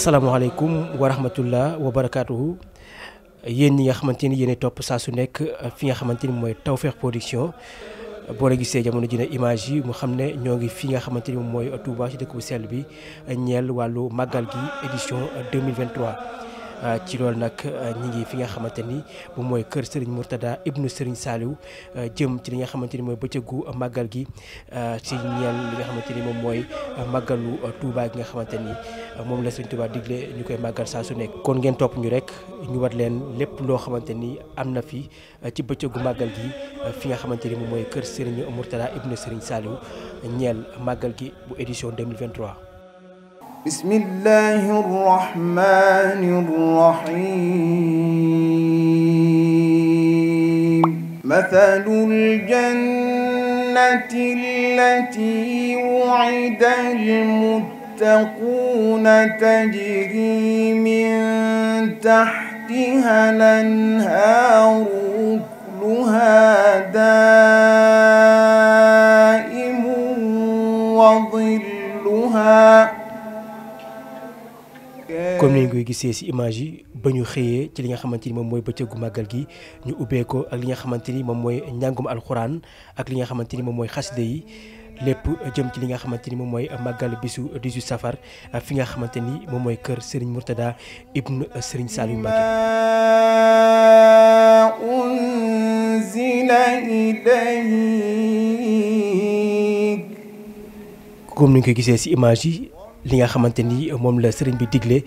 asalaamaaleykum wa rahmatullah wa yéen ñi nga xamante ni yéen topp saa su nekk fi nga xamante ni mooy Tawfekh Production boo la gisee jamono ji ne image yi mu xam ne ñoo ngi fi nga xamante ni moom mooy Touba ci dëkk bu sell bi ñeel wàllu màggal gi édition 2023 Euh, ci loolu nag euh, ñi ngi fi nga xamante ni bu mooy kër Serigne Mourtada ibne Serigne Saliou euh, jëm ci li nga xamante ni mooy bëccëgu màggal gi ci ñeel li nga xamante ni moom mooy màggalu Touba gi nga xamante ni moom la Serigne Touba digle koy màggal saa su nekk. kon ngeen topp ñu rek ñu war leen lépp loo xamante ni am na fi ci bëccëgu màggal gi fi nga xamante ni moom mooy kër Serigne Mourtada ibnu Serigne Saliou ñeel màggal gi bu édition 2023. بسم الله الرحمن الرحيم مثل الجنة التي وعد المتقون تجري من تحتها الأنهار أكلها دائم وظلها Euh. comme ni ñu koy gisee ci image yi ba ñu xëyee ci li nga xamante ni moom mooy bëccëgu màggal gi ñu ubbeekoo ak li nga xamante ni moom mooy njàngum alxuraan ak li nga xamante ni moom mooy xasida yi lépp jëm ci li nga xamante ni moom mooy màggal bisu 18 safar fi nga xamante ni moom mooy kër Serigne Mourtada ibnu Serigne Saliou Mbacké unzila ilayk koy gisee ci image yi li nga xamante ni moom la sëriñ bi digle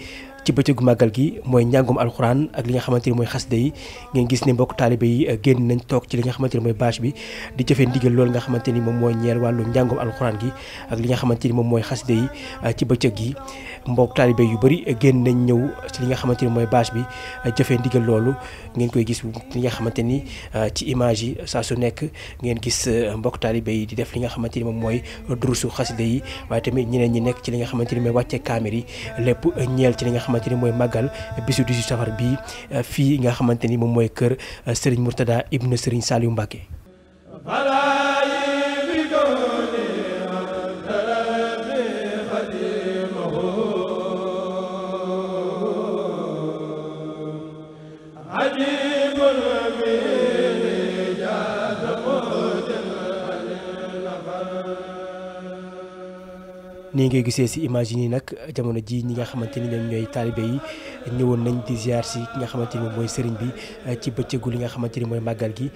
ci bëccëgu màggal gi mooy njàngum alxuraan ak li nga xamante ni mooy xasida yi ngeen gis ne mbokk taalibe euh, génn nañ toog ci li nga xamante ni mooy bâche bi di jëfee ndigal loolu nga xamante ni moom mooy ñeel wàllu njàngum alxuraan gi ak li nga xamante ni moom mooy xasida yi euh, bëccëg gi mbokk taalibe yu bëri euh, génn nañ ñëw ci li nga xamante ni mooy bâche bi jëfee ndigal loolu ngeen koy gis li nga xamante ni ci image yi saa su nekk ngeen gis mbokk taalibe yi di def li nga xamante ni moom mooy durusu xasida yi waaye tamit ñeneen ñi nekk ci li nga xamante ni mooy wàccee kaamir yi lépp ñeel ci li nga xam xamante ni mooy màggal bisu 18 safar bii euh, fii nga xamante ni moom mooy kër euh, Serigne Mourtada ibnu Serigne Saliou Mbacké nii ngay gisee si image nii nag jamono ji ñi nga xamante ni ñoom ñooy taalibe yi ñëwoon nañ di ziar si ki nga xamante ni mooy sëriñ bi eh, ci bëccëgu li nga xamante ni mooy màggal gi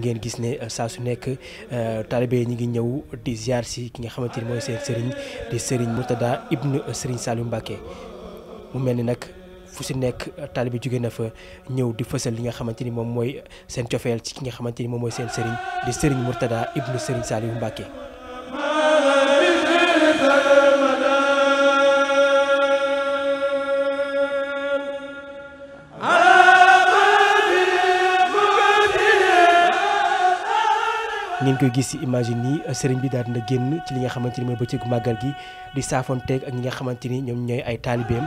ngeen gis ne eh, saa su nekk eh, taalibe yi ñu ngi ñëw di ziar si ki nga xamante ni mooy seen sëriñ di sëriñ Murtada ibnu sëriñ Saliou Mbacké mu mel ni nag fu si nekk taalibe jóge na fa ñëw di fësal li nga xamante ni moom mooy seen cofeel ci nga xamante ni moom mooy seen sëriñ di sëriñ Murtada ibnu sëriñ Saliou Mbacké ni koy gis ci image nii sëriñ bi daal dina génn ci li nga xamante ni mooy bëccëgu màggal gi di saafoonteeg ak ñi nga xamante ni ñoom ñooy ay taalibeem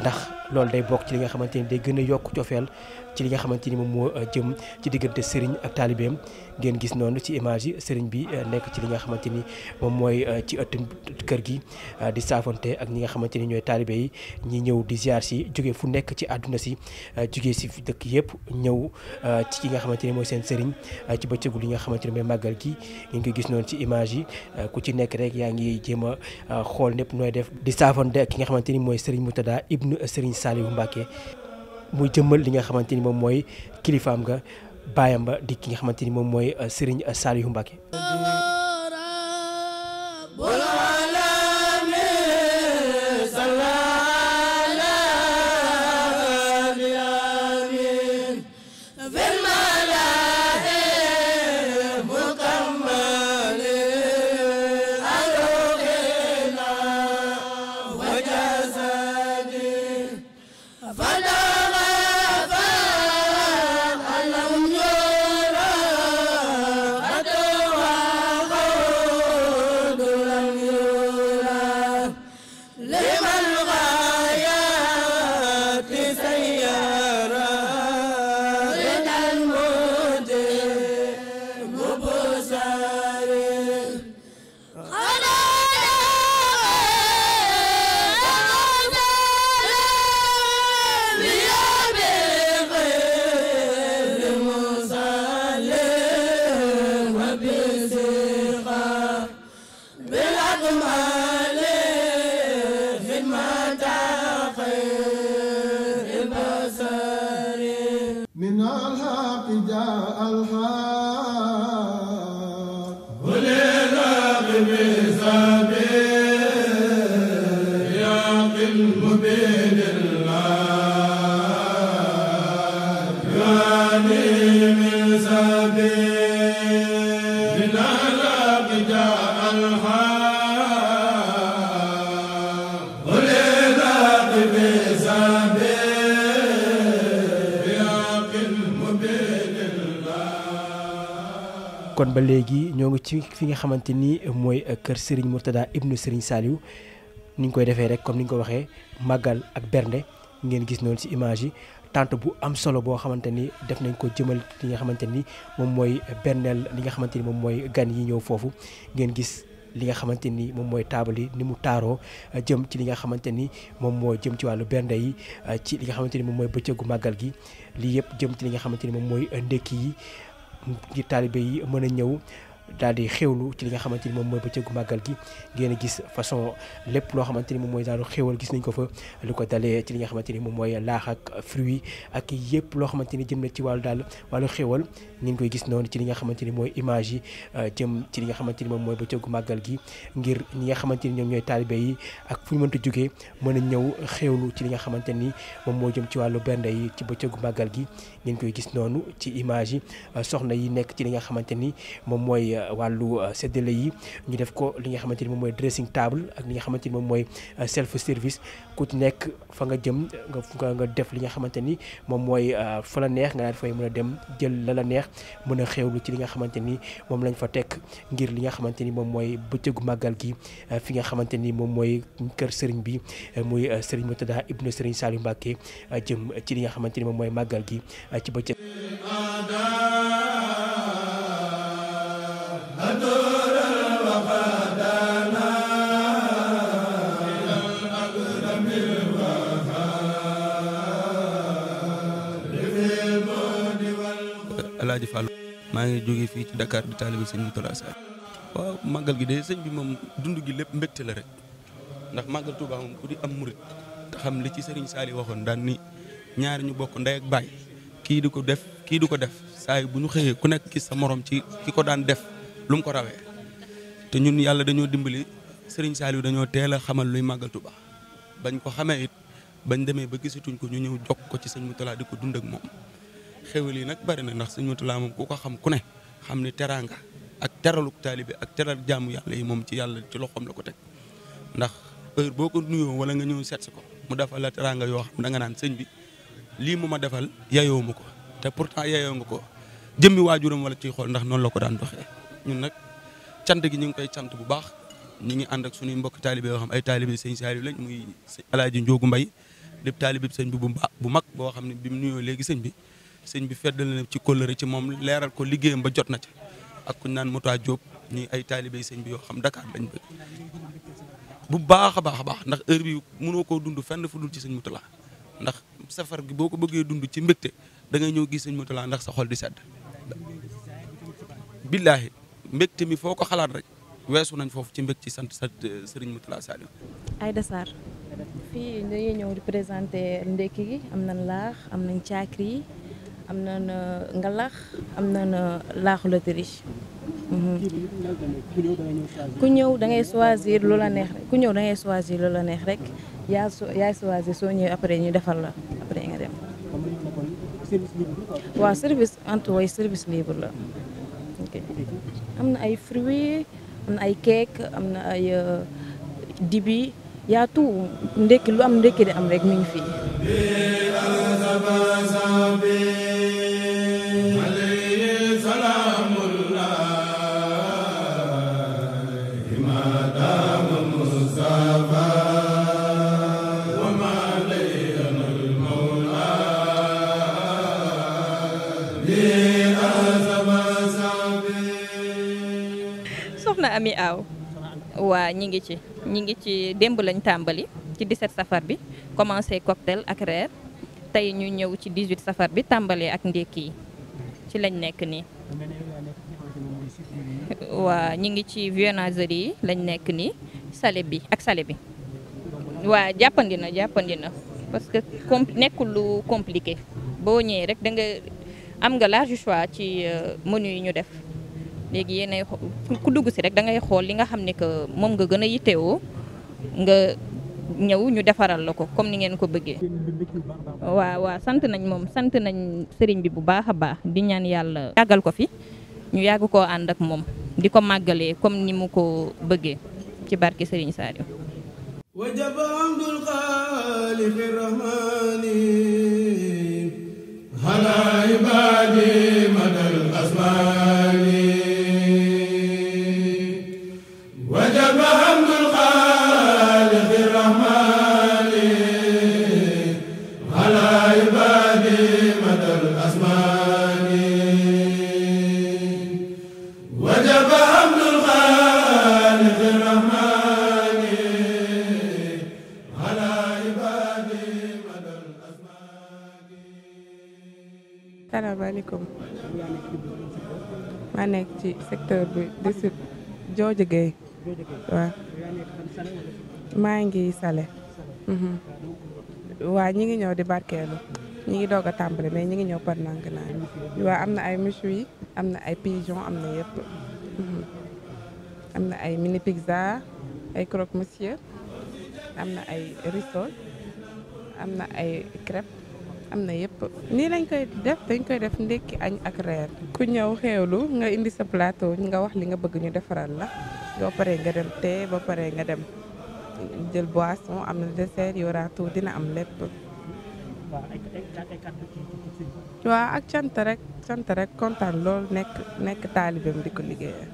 ndax loolu day bokk ci li nga xamante ni day gën a yokk cofeel ci li nga xamante ni moom moo euh, jëm ci diggante sëriñ ak taalibeem ngeen gis noonu ci image yi bi euh, nekk ci li nga xamante ni moom mooy euh, ci ëtt kër gi di saafonte ak ñi nga xamante ni ñooy taalibe yi ñi ñëw di ziar si jóge fu nekk ci àdduna si jóge si dëkk yëpp ñëw ci ki nga xamante ni mooy seen sëriñ ci bëccëgu li nga xamante ni mooy màggal gi ngeen koy gis noonu ci image yi ku ci nekk rek yaa ngi jéem a xool népp nooy def di saafonte ak ki nga xamante ni mooy sëriñ Moutada ibnu sëriñ Saliou Mbacke muy jëmmal li nga xamante ni moom mooy kilifaam nga baayam ba di ki nga xamante ni moom mooy euh, Serigne Saliou Mbacke. من الحق جاء ba léegi ñoo ngi ci fi nga xamante ni mooy euh, kër Serigne Mourtada ibnu Serigne Saliou ni ñu koy defee rek comme ni nga ko waxee màggal ak bernde ngeen gis noonu ci image yi tant bu am solo boo xamante ni def nañ ko jëmal li nga xamante ni moom mooy berneel li nga xamante ni moom mooy gan yi ñëw foofu ngeen gis li nga xamante ni moom mooy taabal yi ni mu taaroo euh, jëm ci li nga xamante ni moom moo jëm ci wàllu bernde yi euh, ci li nga xamante ni moom mooy bëccëgu màggal gi lii yëpp jëm ci li nga xamante ni moom mooy ndekki yi ngir taalibe yi mën a ñëw daal di xéwlu ci li nga xamante ni moom mooy bëccëgu màggal gi ngeen a gis façon lépp loo xamante ni moom mooy daal xéwal gis nañ ko fa lu ko dalee ci li nga xamante ni moom mooy laax ak fruit ak yëpp loo xamante ni jëm ci wàllu daal wàllu xéwal ni ngi koy gis noonu ci li nga xamante ni mooy image yi euh, jëm li nga xamante ni moom mooy bëccëgu màggal gi ngir ñi nga xamante ni ñoom ñooy taalibe yi ak fu ñu mënta jógee mën a ñëw xéwlu ci li nga xamante ni moom moo jëm ci wàllu bernde yi ci bëccëgu màggal gi ngeen koy gis noonu ci image yi euh, soxna yi nekk ci li nga xamante ni moom mooy euh, wàllu euh, séddale yi ñu def ko li nga xamante ni moom mooy dressing table ak li nga xamante ni moom mooy self service ku ci nekk fa nga jëm nga nga def li nga xamante ni moom mooy euh, fa la neex nga daal mën a dem jël la la neex mën a xewlu ci li nga xamante ni moom lañ fa teg ngir li nga xamante ni moom mooy bëccëgu màggal gi euh, fi nga xamante ni moom mooy kër sëriñ bi euh, muy sëriñ Murtada ibnu sëriñ Saliou Mbacké jëm ci li nga xamante ni moom mooy màggal gi ci bëccëg Seydi maa ngi jógee fii ci Dakar di taalibe sëñ Mourtada Sall waaw màggal gi de sëñ bi moom dund gi lépp mbégte la rek ndax màggal Tuubaa moom ku di am murit xam li ci sëriñ Sali waxoon daan ni ñaar ñu bokk ndey ak baay kii di ko def kii di ko def saa bu ñu xëyee ku nekk gis sa morom ci ki ko daan def lu mu ko rawee te ñun yàlla dañoo dimbali Serigne Sali dañoo teel a xamal luy màggal Tuubaa bañ ko xamee it bañ demee ba gisatuñ ko ñu ñëw jokk ko ci sëñ Mourtada di ko dund ak moom. xéwal yi nag bari na ndax sëñ Mountakha moom ku ko xam ku ne xam ne teraanga ak teraluk taalibe ak teral jaamu yàlla yi moom ci yàlla ci loxoom la ko teg ndax heure boo ko nuyoo wala nga ñëw seet si ko mu defal la teraanga yoo xam da nga naan sëñ bi lii mu ma defal yayoo ma ko te pourtant yayoo nga ko jëmmi waajuram wala ciy xool ndax noonu la ko daan doxee ñun nag cant gi ñu ngi koy cant bu baax ñu ngi ànd ak su suñuy mbokk taalibe yoo xam ay taalibe sëñ Saliou lañ muy alaaji Njoogu Mbay lépp taalibe sëñ bi bu bu mag boo xam ne bi mu nuyoo léegi sëñ bi sëñ bi feddal na ci kóllëre ci moom leeral ko liggéeyam ba jot na ci ak kuñ naan Mouta Diop ñi ay taalibey sëñ bi yoo xam Dakar lañ bëgg bu baax a baax a baax ndax heure bi mënoo koo dund fenn fu dul ci sëñ Moutala ndax safar gi boo ko bëggee dund ci mbégte dangay ñëw gis sëñ Moutala ndax sa xol di sedd billaahi mbégte mi foo ko xalaat rek weesu nañ foofu ci mbég ci sant sant Serigne Moutala Saliou. Aïda Sarr. fii dañuy ñëw di présenté ndekki gi am na na ngalax am na na laaxu triche mhm. ku ñëw da ngay choisir lu la neex rek ku ñëw da ngay choisir la neex rek yaa yaay choisir soo ñëwee après ñu defal la après nga dem service entre service libre la am na ay fruits am na ay cake am na ay euh, dibi yaa tout ndekki lu am ndekki di am rek mi ngi fii ami aaw waa ñi ngi ci ñi ngi ci démb lañ tàmbali ci 17 safar bi commencé cocktail ak reer tey ñu ñëw ci 18 safar bi tàmbali ak ndékki yi ci lañ nekk nii waa ñi ngi ci viennoiserie yi lañ nekk nii salé bi ak salé bi waa jàppandi na jàppandi na parce que nekkul lu compliqué boo ñëwee rek da nga am nga large choix ci euh, menu yi ñu def léegi yéenay ku dugg si rek da ngay xool li nga xam ne que moom nga gën a yittewoo nga ñëw ñu defaral la ko comme ni ngeen ko bëggee. waaw waa sant nañ moom sant nañ sëriñ bi bu baax a baax di ñaan yàlla yàggal ko fi ñu yàgg koo ànd ak moom di ko màggalee comme ni mu ko bëggee ci barke sëriñ Saliou. wajaba amdul xaaliqi rahmaani ala ibaadi madal asmaani nekk ci secteur bi di si Jooja Gueye maa ngi sale mm-hmm. waa ñi ngi ñëw di barkeelu ñi ngi doog a tàmbali mais ñi ngi ñëw par nank naa waa am na ay michu yi am na ay pigeon am na yëpp mm-hmm. am na ay mini pizza ay croque monsieur am na ay risol am na ay crêpe am na yëpp nii lañ koy def dañ koy def ndekki añ ak reer ku ñëw xeewlu nga indi sa plateau nga wax li nga bëgg ñu defaral la ba pare nga dem tee ba pare nga dem jël boisson am na dessert yoraa dina am lépp waaw ak cant rek cant rek kontaan lool nekk nekk taalibeem di ko liggéeyee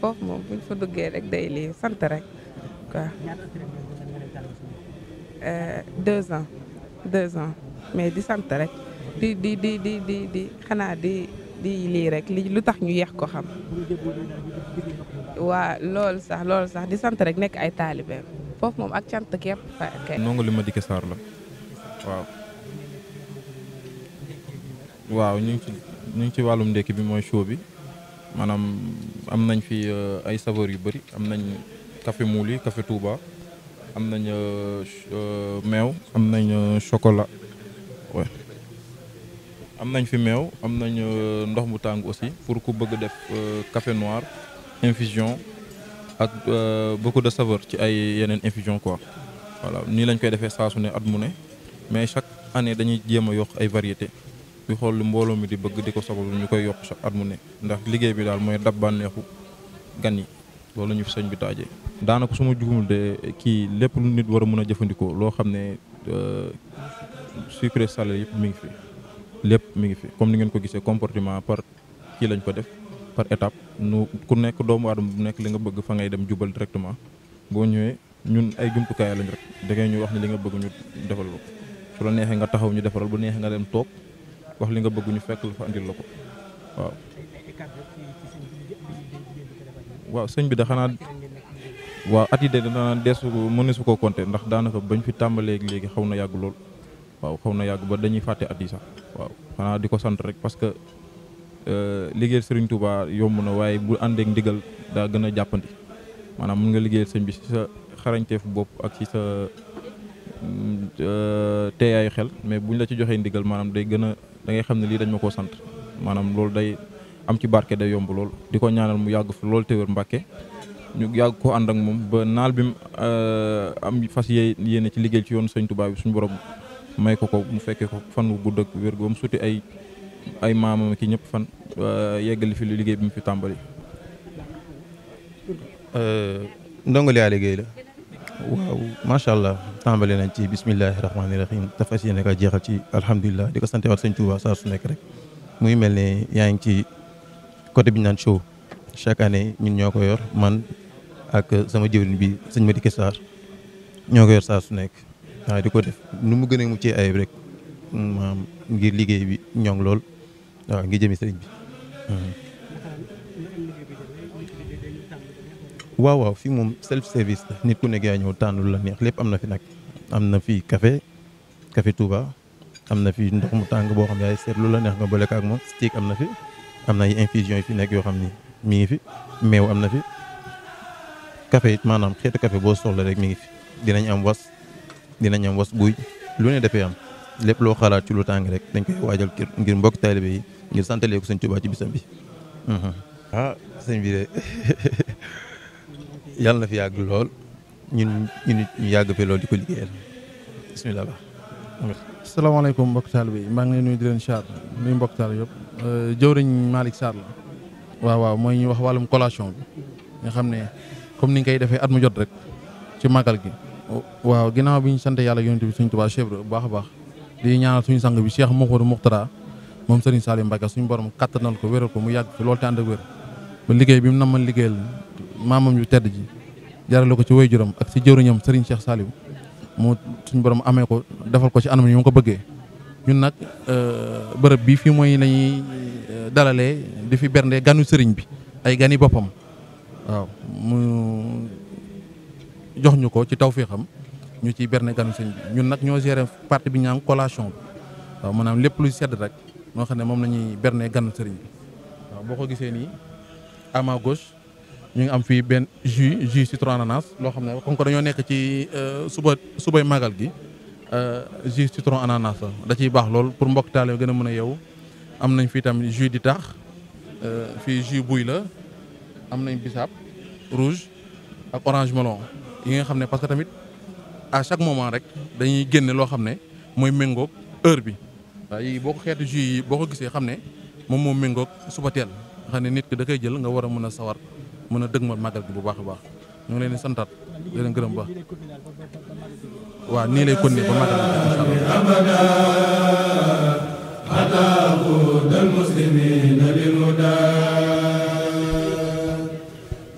foofu moom buñ fa duggee rek day lii sant rek quoi euh, deux ans deux ans mais di sant rek di di di di di di xanaa di di lii rek li lu tax ñu yeex ko xam waa loolu sax loolu sax di sant rek nekk ay taalibeem foofu moom ak cant képp fa kay li ma dikke saar la waaw waaw ñu ngi ci ñu ngi ci wàllum ndekki bi mooy show bi maanaam am nañ fi euh, ay saveur yu bari am nañ café Mouli café tuuba am nañ euh, euh, meew am nañ chocolat am nañ fi meew am nañ euh, ndox mu tàng aussi pour ku bëgg def euh, café noir infusion ak euh, beaucoup de saveur ci ay yeneen infusion quoi voilà nii lañ koy defee saa ne at mu ne mais chaque année dañuy jéem a yokk ay variété di xool lu mbooloo mi di bëgg di ko soxla ñu koy yokk chaque at mu ne ndax liggéey bi daal mooy dab bànneexu gan yi loolu ñu fi sëñ bi taajee. daanaka su ma de kii lépp lu nit war a mën a jëfandikoo loo xam ne sucré salé yëpp mi ngi fi lépp mi ngi fi comme ni ngeen ko gisee comportement par kii lañ ko def par étape nu ku nekk doomu aadama bu nekk li nga bëgg fa ngay dem jubal directement boo ñëwee ñun ay jumtukaay lañ rek da ñu wax ne li nga bëgg ñu defal ko su la neexee nga taxaw ñu defaral bu neexee nga dem toog wax li nga bëgg ñu fekk la fa andil la ko waaw. sëñ bi da xanaa waaw at yi de danaa deesu su ko compter ndax daanaka bañ fi tàmbalee léegi xaw na yàgg lool. waaw xaw na yàgg ba dañuy fàtte at yi sax waaw xanaa di ko sant rek parce que euh, liggéeyal Serigne tubaa yomb na waaye bu àndeek ndigal daa gën a jàppandi maanaam mun nga liggéeyal sëñ bi si sa xarañteef bopp ak ci sa mm, euh, teeyaayu xel mais buñ la ci joxee ndigal maanaam day gën a da xam ne lii dañ ma ko sant maanaam loolu day am ci barke day yomb lool di ko ñaanal mu yàgg fi loolu te wér Mbàkke ñu yàgg ko ànd ak moom ba naal bi mu euh, am fas yéene ci liggéey ci yoonu sëñ Touba bi suñu borom may ko ko mu fekkee ko fan wu gudd ak wér gu suti ay ay maamam ki ñëpp fan yeggali fi lu liggéey bi mu fi tàmbali. Euh, ndongo li yaa liggéey la. waaw macha allah tàmbali nañ ci bismillahi rahmaani rahim te fas yéene ka jeexal ci alhamdulilah di ko sante waat sëñ Tuuba saa su nekk rek muy mel ne yaa ngi ci côté bi ñu naan show chaque année ñun ñoo ko yor man ak sama jëwriñ bi sëñ Madi Sarr ñoo ko yor saa su nekk. waaw di ko def nu mu gën a muccee ayib rek maam ngir liggéey bi ñoŋ lool waaw ngir jëmi sëriñ bi. waaw waaw fii moom self service la nit ku nekk yaa ñëw tànn lu la neex lépp am na fi nag am na fi kafe kafe Touba am na fi ndox mu tàng boo xam yaay seet lu la neex nga boole ko ak moom steak am na fi am na ay infusion yi fi nekk yoo xam ni mi ngi fi meew am na fi café it maanaam xeetu kafe boo soxla rek mi ngi fi dinañ am was dinañ am was buy lu ne dafee am lépp loo xalaat ci lu tàng rek dañ koy waajal ngir mbokk taalibe yi ngir santalee ko sañ Tuubaa ci bisam bi. Mhm. ah sëñ bi de yàlla na fi yàgg lool ñun ñun ñu yàgg fi lool di ko liggéeyal bisimilah. salaamaaleykum mbokk taalibe yi maa ngi lay di leen siyaar nuyu mbokk taalibe yëpp euh, jëwriñ Malick Sarr la. waaw waaw mooy ñu wax wàllum collation bi nga xam ne comme ni ñu koy defee at mu jot rek ci màggal gi. waaw ginnaaw bi ñu sant yàlla yonent bi suñ Tuubaa Cheikh bu baax a baax di ñaanal suñu sang bi Cheikh Mouhamadou Moukhtar moom Serigne Saliou Mbacke suñu borom kattanal ko wéral ko mu yàgg fi loolu te ànd ak bi mu namal liggéeyal maamam ju tedd ji jarale ko ci waajuram ak ci jëwriñam Serigne Cheikh Saliou mu suñu borom amee ko defal ko ci anam yu mu ko bëggee ñun nag euh, bërëb bii fii mooy lañuy euh, dalalee di fi berndee ganu sëriñ bi ay gani boppam waaw jox ñu ko ci tawféexam ñu ci berne ganu sëñ bi ñun nag ñoo géré partie bi ñaa collation bi waaw maanaam lépp luy sedd rek moo xam ne moom nañuy ñuy berne ganu sëriñ bi waaw boo ko gisee nii à ma ñu ngi am fii benn jus jus citron ananas loo xam ne comme ko dañoo nekk ci euh, suba subay magal gi euh, jus citron ananas la da ciy baax lool pour mbokk taal yoo gën a mën a yeewu am nañ fii tamit jus di taax euh, fii jus buy la am nañ bisaab rouge ak orange melon yi nga xam ne parce que tamit à chaque moment rek dañuy génne loo xam ne mooy méngoog heure bi waaye yii boo ko xeetu jus yi boo ko gisee xam ne moom moo méngoog suba teel nga xam ne nit ki da koy jël nga war a mën a sawar mën a dëgmal màggal gi bu baax a baax ñu ngi leen di santaat di leen gërëm bu baax waaw nii lay continuer ba màggal gi incha allah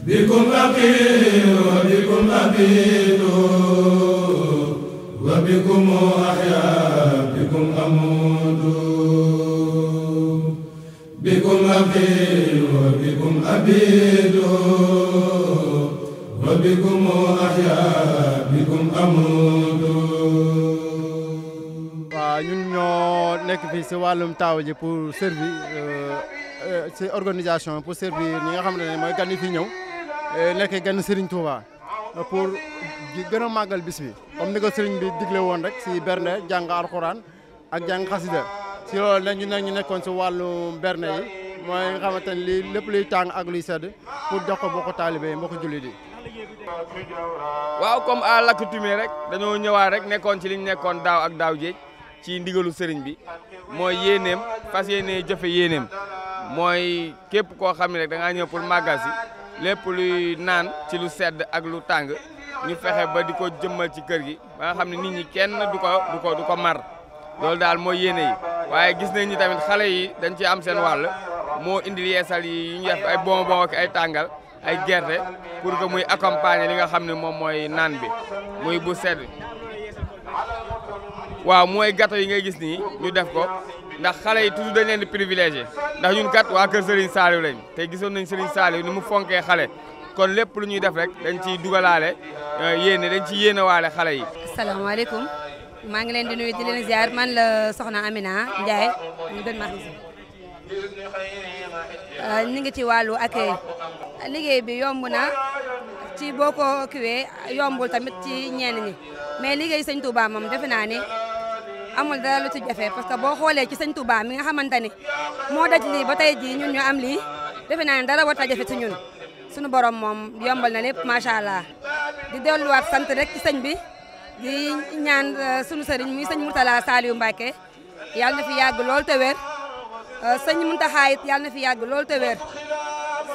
بكم أقيل وبكم أبيت وبكم أحيا بكم أموت بكم أقيل وبكم أبيت وبكم أحيا بكم أموت ñun ñoo nekk fii si wàllum taaw ji pour servir euh, euh, si organisation pour servir ñi nga xam ne mooy gan yi fi ñëw nekk euh, gan Serigne Touba pour gën a màggal bisbi bi comme ni ko bi digle woon rek si bernde jàng alxuraan ak jàng xasida si loolu ñu ne ñu nekkoon si wàllu bernde yi mooy nga xamante ne lii lépp luy tàng ak luy sedd pour jox ko mbokku taalibe yi mbokku jullit yi. waaw comme à rek dañoo ñëwaat rek nekkoon ci liñ nekkoon daaw ak daaw jéej ci ndigalu sëriñ bi mooy yéeneem fas yéene jëfe yéeneem mooy képp koo xam ne rek da ñëw pour màggal si lépp luy naan ci lu sedd ak lu tàng ñu fexe ba di ko jëmmal ci kër gi ba nga xam ne nit ñi kenn du ko du ko du ko mar loolu daal mooy yéene yi waaye gis nañ ni tamit xale yi dañ ci am seen wàll moo indi yeesal yi ñu def ay bonbon ak ay tàngal ay gerte pour que muy accompagner li nga xam ne moom mooy naan bi muy bu sedd waaw mooy gâteau yi ngay gis nii ñu def ko ndax xale yi toujours dañ leen di privilégié ndax ñun kat waa kër Serigne Saliou lañ te gisoon nañ Serigne Saliou ni mu fonkee xale kon lépp lu ñuy def rek dañ ciy dugalaale euh, yéene dañ ci yéenewaale xale yi. asalaamaaleykum maa ngi leen di nuyu di leen ziar man la soxna Amina Ndiaye ñu gën maa euh, ngi ci wàllu accueil. liggéey bi yomb na ci boo ko kiwee yombul tamit ci ñenn ñi mais liggéey sëñ Touba moom defe naa ni amul dara lu ci jafe parce que boo xoolee ci sëñ baa mi nga xamante ne moo daj lii ba tey jii ñun ñu am lii defe naa ne dara warta jafe ci ñun suñu borom moom yombal na lépp macha allah di delluwaat sant rek ci sëñ bi di ñaan euh, sunu sëriñ muy sëñ Mourtala Saliou Mbacke yàlla na fi yàgg lool te wér euh, sëñ Mountakha it yàlla na fi yàgg lool te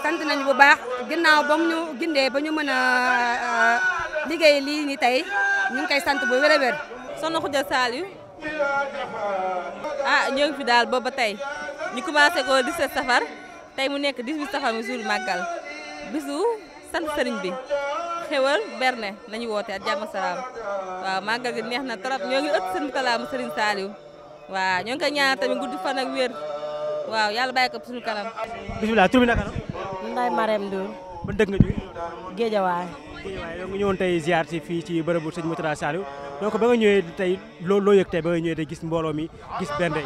sant nañu bu baax ginnaaw ba mu ñu gindee ba ñu mën a euh, liggéey lii ni tey ñu ngi koy sant bu wér a wér. soxna Khoudia ah ñoo ngi fi daal booba tey ñi commencé ko 17 safar tey mu nekk 18 safar mu jour bis bisu sant sëriñ bi xewal berne lañu woote ak jàmm salaam waaw màggal gi neex na trop ñoo ngi ëtt sëriñ kalaamu sëriñ Saaliw waaw ñoo ngi koy ñaanal tamit gudd fan ak wér waaw yàlla bàyyi ko suñu kanam bismillah tur bi naka la Ndeye Marème Ndour ban dëkk nga jógee. Géejawaay. Géejawaay nga ñëwoon tey ziar si fii ci bërëbu sëñ Mourtada Saliou donc ba nga ñëwee tey loo loo yëg tey ba nga ñëwee tey gis mbooloo mi gis benn yi.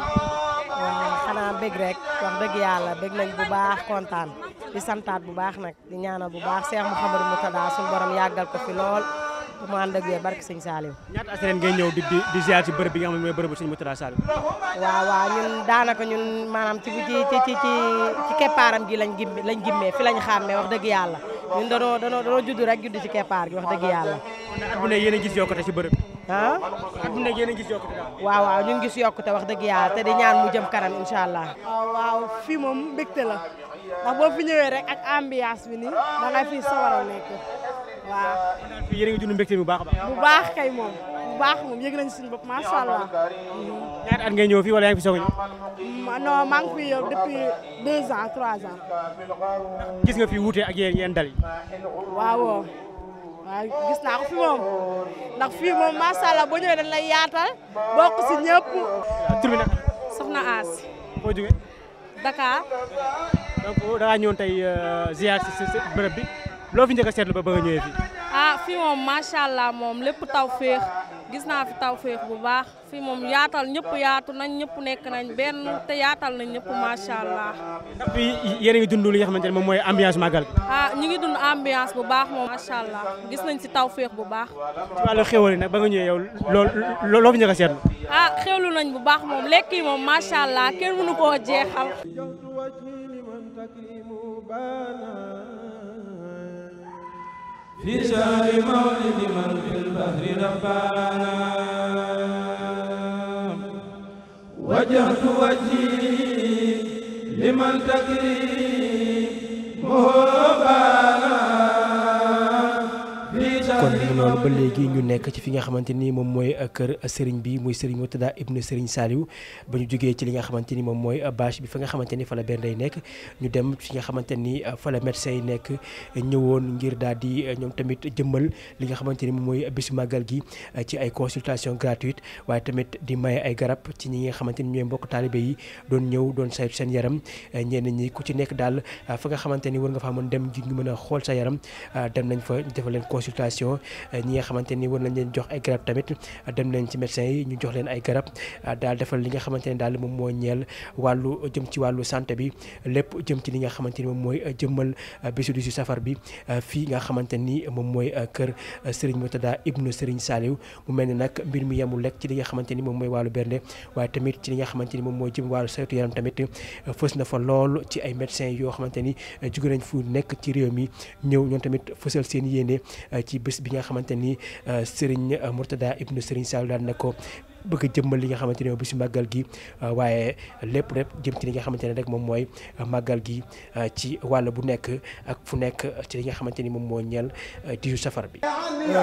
xanaa bëgg rek wax dëgg yàlla bëgg nañ bu baax kontaan di santaat bu baax nag di ñaanal bu baax Cheikh Mouhamadou Mourtada suñu borom yàggal ko fi lool mu ànd ak yooyu barke sëñ Saliou. ñaata at ren ngay ñëw di di ziar ci bërëb bi nga xam ne mooy bërëbu sëñ Mourtada Saliou. waaw waaw ñun daanaka ñun maanaam ci ci ci ci ci keppaaram gi lañ gim lañ gimmee fi lañ xàmmee wax dëgg yàlla ñun danoo danoo danoo judd rek judd ci keppaar gi wax dëgg yàlla. kon nag at bu ne yéen a gis yokkute ci bërëb. ah at bu ne yéen a waaw waaw gis yokkute wax dëgg yàlla te di ñaan mu jëm kanam incha allah. waaw fii moom mbégte la ndax boo fi ñëwee rek ak ambiance bi nii da ngay fii sawar a nekk waaw fii yéen a ngi dund mbégte bu baax a bu baax kay moom bu baax moom yëg nañ suñu bopp macha allah ñaata at ngay ñëw fii wala yaa ngi fi soog a ñëw non maa ngi fi yow depuis deux ans trois ans gis nga fi wuute ak yéen yéen dal yi waaw waaw gis naa ko fi moom ndax fii moom macha allah boo ñëwee dañ lay yaatal bokk si ñëpp tur bi nag soxna As foo jógee Dakar donc dangaa ñëwoon tey euh, ziar si loo fi njëkk seetlu ba ba nga ñëwee fi ah fii moom macha allah moom lépp taw féex gis naa fi taw féex bu baax fii moom yaatal ñëpp yaatu nañ ñëpp nekk nañ benn te yaatal nañ ñëpp macha allah. ndax fii yéen a ngi dund li xamante ne moom mooy ambiance màggal ah ñu ngi dund ambiance bu baax moom macha allah gis nañ si taw féex bu baax. ci wàllu xéwal yi nag ba nga ñëwee yow loo loo fi njëkk a seetlu. ah xéwlu nañ bu baax moom lekk yi moom macha allah kenn mënu koo jeexal. لشهر مولد من في البحر ربانا وجهت وجهي لمن تكريمه بانا noonu ba léegi ñu nekk ci fi nga xamante ni moom mooy euh, kër euh, Serigne bi muy Serigne Mourtada ibnu Serigne saaliw ba ñu jógee ci li nga xamante ni moom mooy euh, bâche bi fa nga xamante ni fa la benn day nekk ñu dem fi nga xamante ni fa la médecin yi nekk ñëwoon ngir daal di ñoom tamit jëmmal li nga xamante ni moom mooy bisu màggal gi ci ay consultation gratuite waaye tamit di maye ay garab ci ñi nga xamante ni ñooy mbokk taalibe yi doon ñëw doon saytu seen yaram ñenn ñi ku ci nekk daal fa nga xamante ni war nga fa mën dem ji ñu mën a xool sa yaram dem nañ fa defal leen consultation ñi nga xamante ni war nañ leen jox ay garab tamit dem nañ ci médecin yi ñu jox leen ay garab daal defal li nga xamante ni daal moom moo ñeel wàllu jëm ci wàllu santé bi lépp jëm ci li nga xamante ni moom mooy jëmmal bésu du si safar bi fii nga xamante ni moom mooy kër Serigne Mourtada Ibnu Serigne Saliou mu mel ni nag mbir mi yemul lekk ci li nga xamante ni moom mooy wàllu bernde waaye tamit ci li nga xamante ni moom mooy jëm wàllu saytu yaram tamit fës na fa lool ci ay médecins yoo xamante ni jóge nañ fu nekk ci réew mi ñëw ñoom tamit fësal seen yéene bi nga xamante xamante ni euh, Serigne Mourtada ibnu Serigne Saliou daan ko bëgg a jëmmal li nga xamante ne bi si màggal gi euh, waaye lépp lépp jëm ci li nga xamante ne rek moom mooy euh, màggal gi euh, ci wàll bu nekk ak fu nekk ci li nga xamante ni moom moo ñeel di safar bi.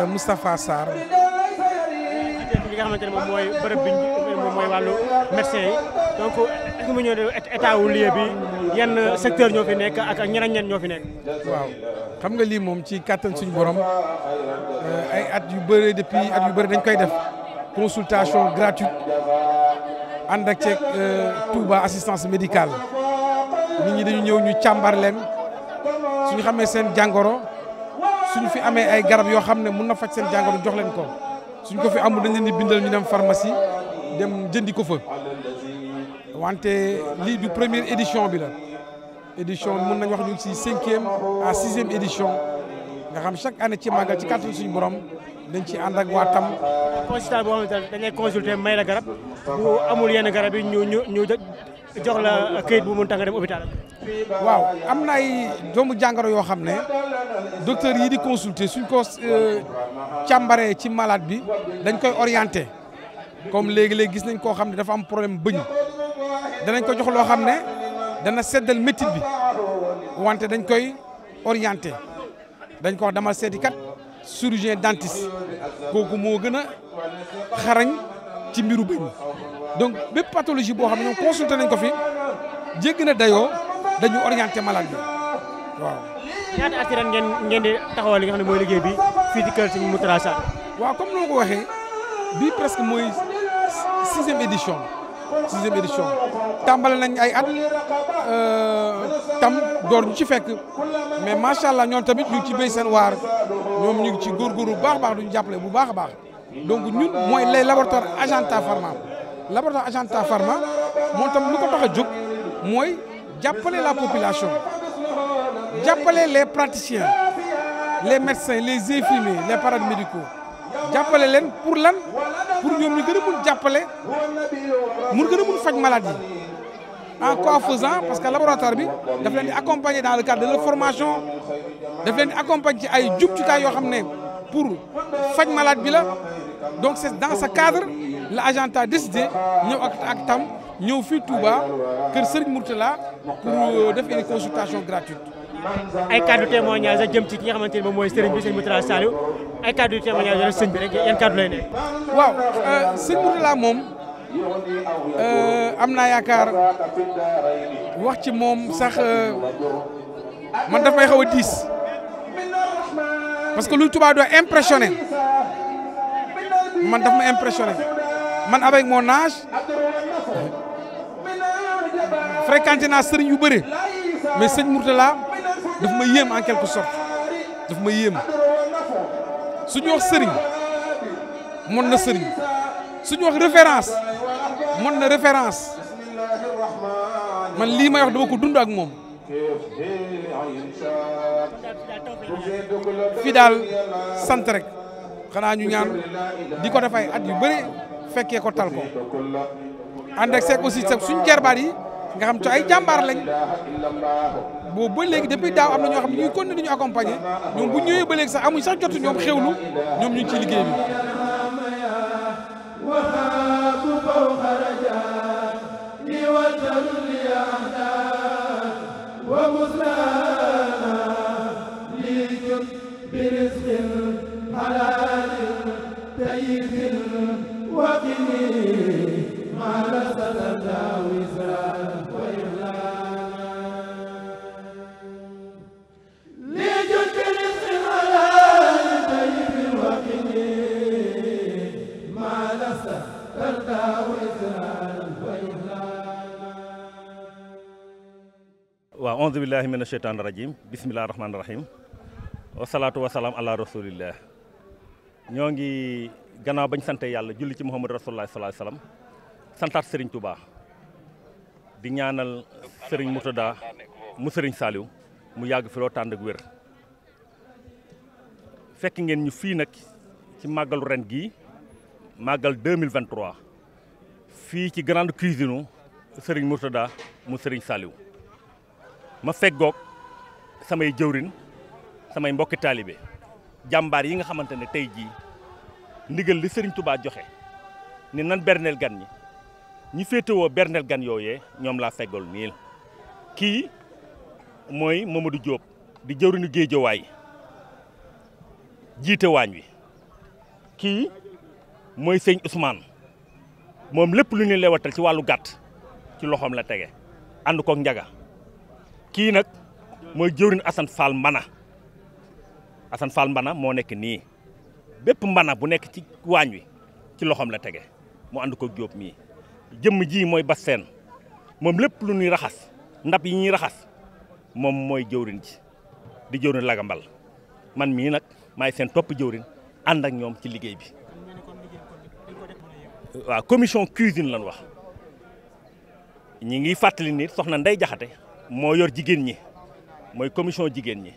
Moustapha Sarr. li nga xamante mooy bërëb bi moom mooy wàllu médecin yi donc est mu ñëw état wu lieu bi yan secteur ñoo fi nekk ak ñeneen ñeneen ñoo fi nekk. waaw xam nga lii moom ci kàttan suñu borom ay at yu bëre depuis at yu bëri dañ koy def. consultation gratuite ànd ak ceeg euh, Touba assistance médicale nit ñi dañu ñëw ñu càmbar leen suñu xamee seen jàngoro suñu fi amee ay garab yoo xam ne mun na faj seen jàngoro jox leen ko suñ ko fi amul dañ leen di bindal ñu dem pharmacie dem jëndi ko fa wante lii du première édition bi la édition mun nañ wax ñu ci cinquième à sixième édition nga xam chaque année ci màggal ci kàttan suñu borom dañ ci ànd ak waa tam. constat boo xamante ne dañuy consulter may la garab bu amul yenn garab yi ñu ñu ñu jox la këyit bu mun tax nga dem hôpital. waaw am na ay doomu jàngaro yoo xam ne docteur yi di consulter suñ ko euh, càmbaree ci malade bi dañ koy orienté comme léegi-léegi gis nañ koo xam ne dafa am problème bëñ danañ ko jox loo xam ne dana seddal métit bi wante dañ koy orienté. dañ ko wax dama seeti kat chirurgien dentiste kooku moo gën a xarañ ci mbiru bëñ donc bépp pathologie boo xam ne ñoom consulté nañ ko fi jégg na dayoo dañu orienté malade bi waaw. ñaata at ren ngeen ngeen di taxawal li nga xam ne mooy liggéey bi fii ci kër Serigne Mourtada Sarr. waa comme ni ko waxee bii presque mooy sixième édition. sixième édition tàmbale nañ ay at euh, tam door ñu ci fekk mais macha allah ñoom tamit ñu ngi ci béy seen waar ñoom ñu ngi ci góorgóorlu bu baax a baax duñu jàppale bu baax a baax donc ñun mooy les laboratoires Agenta Pharma laboratoire Agenta farma moom tam lu ko tax a jóg mooy jàppale la population jàppale les praticiens les médecins les infirmiers les paramédicaux jàppale leen pour lan pour ñoom ñu gën a mun jàppale mun gën a mun faj maladie en quoi faisant parce que laboratoire bi daf leen di accompagner dans le cadre de la formation daf leen di accompagner ci ay jumtukaay yoo xam ne pour faj malade bi la donc c'est dans ce cadre la Agenta décidé ñëw ak ak tam ñëw fii Touba kër Serigne Mourtala pour euh, def une consultation gratuite. ay kàddu témoignage a jëm ci ki nga xamante ne moom mooy Serigne bi Serigne Mourtala ay kàddu yu témoignage rek bi rek yan kàddu lay nekk. waaw euh, sëñ Mourtala moom euh, am naa yaakaar wax ci moom sax euh, man daf may xaw a diis parce que luy tubaab doo impressionné man daf ma impressionné man avec mon âge fréquenté naa sëriñ yu bëri mais sëñ Mourtala daf ma yéem en quelque sorte daf ma yéem. suñu wax sëriñ mën na sëriñ suñu wax référence mën na référence man lii may wax dama ko dund ak moom fi daal sant rek xanaa ñu ñaan di ko def ay at yu bëri fekkee ko tal ko sek ak seeg suñ suñu jarbaat yi nga xam te ay jàmbaar lañ boo ba léegi depuis daaw am na ñoo xam ne ñuy continuer ñu accompagner ñoom bu ñëwee ba léegi sax amuñ sax jotu ñoom xewlu ñoom ñu ngi ci liggéey bi. waaw onze billahi mina sheytaani rajim bisimilah rahmaani rahim wasalaatu wasalaam ala rasulillah ñoo ngi gannaaw bañ sante yàlla julli ci muhammad rasulullah sallallahu alayhi wasallam santaat sëriñ Touba di ñaanal sëriñ Murtada mu sëriñ Saliou mu yàgg fi loo tànd ngeen ñu fii nag ci màggalu ren gii màggal 2023 fii ci grande cuisine sëriñ Murtada mu sëriñ ma feggoog samay jëwrin samay mbokki taalibe jàmbaar yi nga xamante ne tey jii ndigal li Serigne Touba joxe ni nan berneel gan ñi ñi féetewoo berneel gan yooyee ñoom laa feggool niil kii mooy Mamadou Diop di jëwriñu géejowaay jiite waañ wi kii mooy sëñ Ousmane moom lépp lu ñuy lewatal ci wàllu gàtt ci loxoom la tege ànd kook njaga kii nag mooy jëwriñ Assane Fall Mbana Assane Fall Mbana moo nekk nii bépp mbana bu nekk ci waañ wi ci loxoom la tege moo ànd ko Jóob mii jëmm ji mooy bas seen moom lépp lu ñuy raxas ndab yi ñuy raxas moom mooy jëwrin ji di jëwriñ lagambal man mii nag maay seen topp jëwrin ànd ak ñoom ci liggéey bi waaw commission cuisine lañ wax ñi ngi fàttali ni soxna Ndey Jaxate moo yor jigéen ñi mooy commission jigéen ñi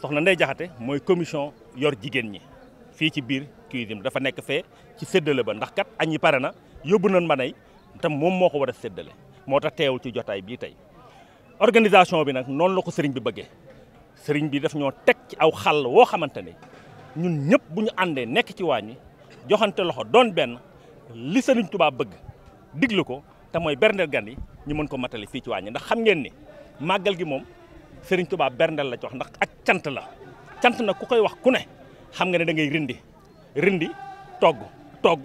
soxna Ndeye Jaxate mooy commission yor jigéen ñi fii ci biir cuisine dafa nekk fee ci séddale ba ndax kat añ yi pare na yóbbu nañ ma nay tam moom moo ko war a séddale moo tax teewul ci jotaay bii tey organisation bi nag noonu la ko sëriñ bi bëggee sëriñ bi daf ñoo teg ci aw xàll woo xamante ne ñun ñëpp bu ñu àndee nekk ci waañ wi joxante loxo doon benn li sëriñ tubaab bëgg diglu ko te mooy berndeel gan yi ñu mën ko matale fii ci wàññi ndax xam ngeen ni màggel gi moom Serigne tubaab berndel la ci ndax ak cant la cant na ku koy wax ku ne xam nga ne da ngay rindi rindi togg togg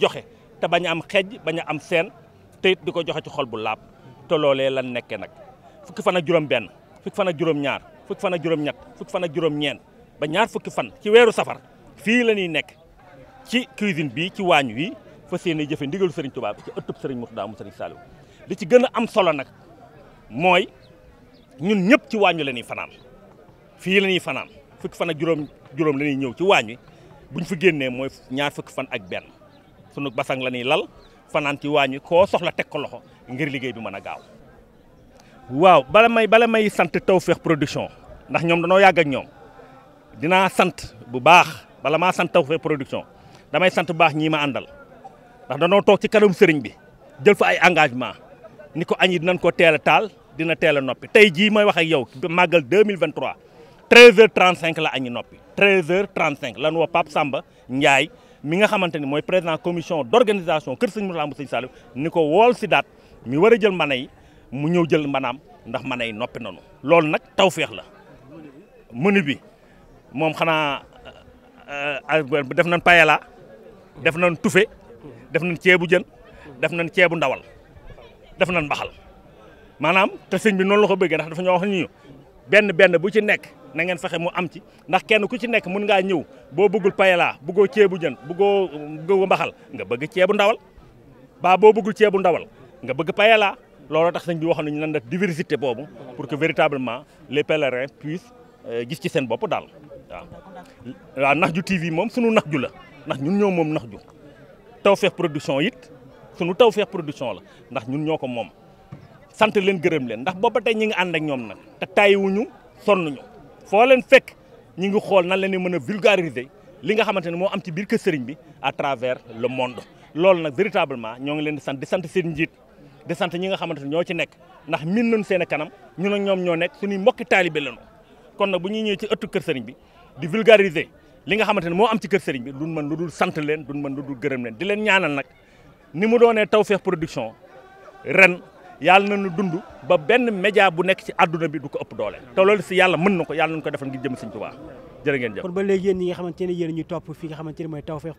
joxe te bañ am xejj bañ am seen te di ko joxe ci xol bu laab te loolee lan nekkee nag fukki fan a juróom-benn fukki fan a juróom-ñaar fukki fan a juróom-ñett fukki fan ak juróom-ñeent ba ñaar fukki fan ci weeru safar fii la ñuy nekk ci cuisine bi ci waañ wi fas yéene jëfe ndigalu Serigne Touba bi ci ëttub Serigne li ci gën a am solo nag mooy ñun ñëpp ci waañu la fanaan fii la fanaan fukki fan ak juróom juróom la ñuy ñëw ci waañ wi buñ fi génnee mooy ñaar fukki fan ak benn sunu basang la ñuy lal fanaan ci waañ koo soxla teg ko loxo ngir liggéey bi mën a gaaw waaw bala may bala may sant feex Production ndax ñoom danoo yàgg ak ñoom dinaa sant bu baax bala maa sant Tawfekh Production damay sant bu baax ñii ma àndal ndax danoo toog ci kanam sëriñ bi jël fa ay engagement ni ko añ yi dinañ ko teel a taal dina teela noppi tey jii may wax ak yow màggal 2023 13h35 la añi noppi 13h35 lan woo Pape Samba Ndiaye mi nga xamante ni mooy président commission d'organisation kër sëñ Mourala mu sëñ Saliou ni ko wool si daat mi war a jël mbana yi mu ñëw jël mbanaam ndax mbana yi noppi noonu loolu nag taw feex la menu bi moom xanaa euh, euh, def nañ paella def nañ tufe def nañ ceebu jën def nañ ceebu ndawal def nañ mbaxal maanaam te sëñ bi noonu la bëggee ndax dafa ñoo wax ñu benn benn bu ci nekk nangeen fexe mu am ci ndax kenn ku ci nekk mun ngaa ñëw boo bëggul payalaa bëggoo ceebu jën bëggoo bëggoo mbaxal nga bëgg ceebu ndawal baa boo bëggul ceebu ndawal nga bëgg payalaa looloo tax sëñ bi wax nañu nan def diversité boobu pour que véritablement les pèlerins puissent euh, gis ci seen bopp daal waaw waaw Naxju TV moom sunu ju la ndax ñun ñëw moom Naxju Tawfekh Production it sunu Tawfekh Production la ndax ñun ñoo ko moom sant leen gërëm leen ndax booba tey ñi ngi ànd ak ñoom nag te tàyyiwuñu sonnuñu foo leen fekk ñi ngi xool nan la mën a vulgariser li nga xamante ne moo am ci biir kër sëriñ bi à travers le monde loolu nag véritablement ñoo ngi leen di sant di sant seen njiit sant ñi nga xamante ne ñoo ci nekk ndax min nañ seen kanam ñun ak ñoom ñoo nekk suñuy mbokki taalibe lañu kon nag bu ñuy ñëwee ci ëttu kër sëriñ bi di vulgariser li nga xamante ne am ci kër sëriñ bi duñ mën lu dul sant leen duñ mën lu dul gërëm leen di leen ñaanal nag ni mu doonee taw Tawfekh Production ren yàlla na nu dund ba benn média bu nekk ci àdduna bi du ko ëpp doole te loolu si yàlla mën na ko yàlla nañu ko defal ngir jëm Sëñ Tuubaa jërë ngeen jëf kon ba léegi yéen nga xamante ne yéen ñu topp fi nga xamante ni mooy Tawfekh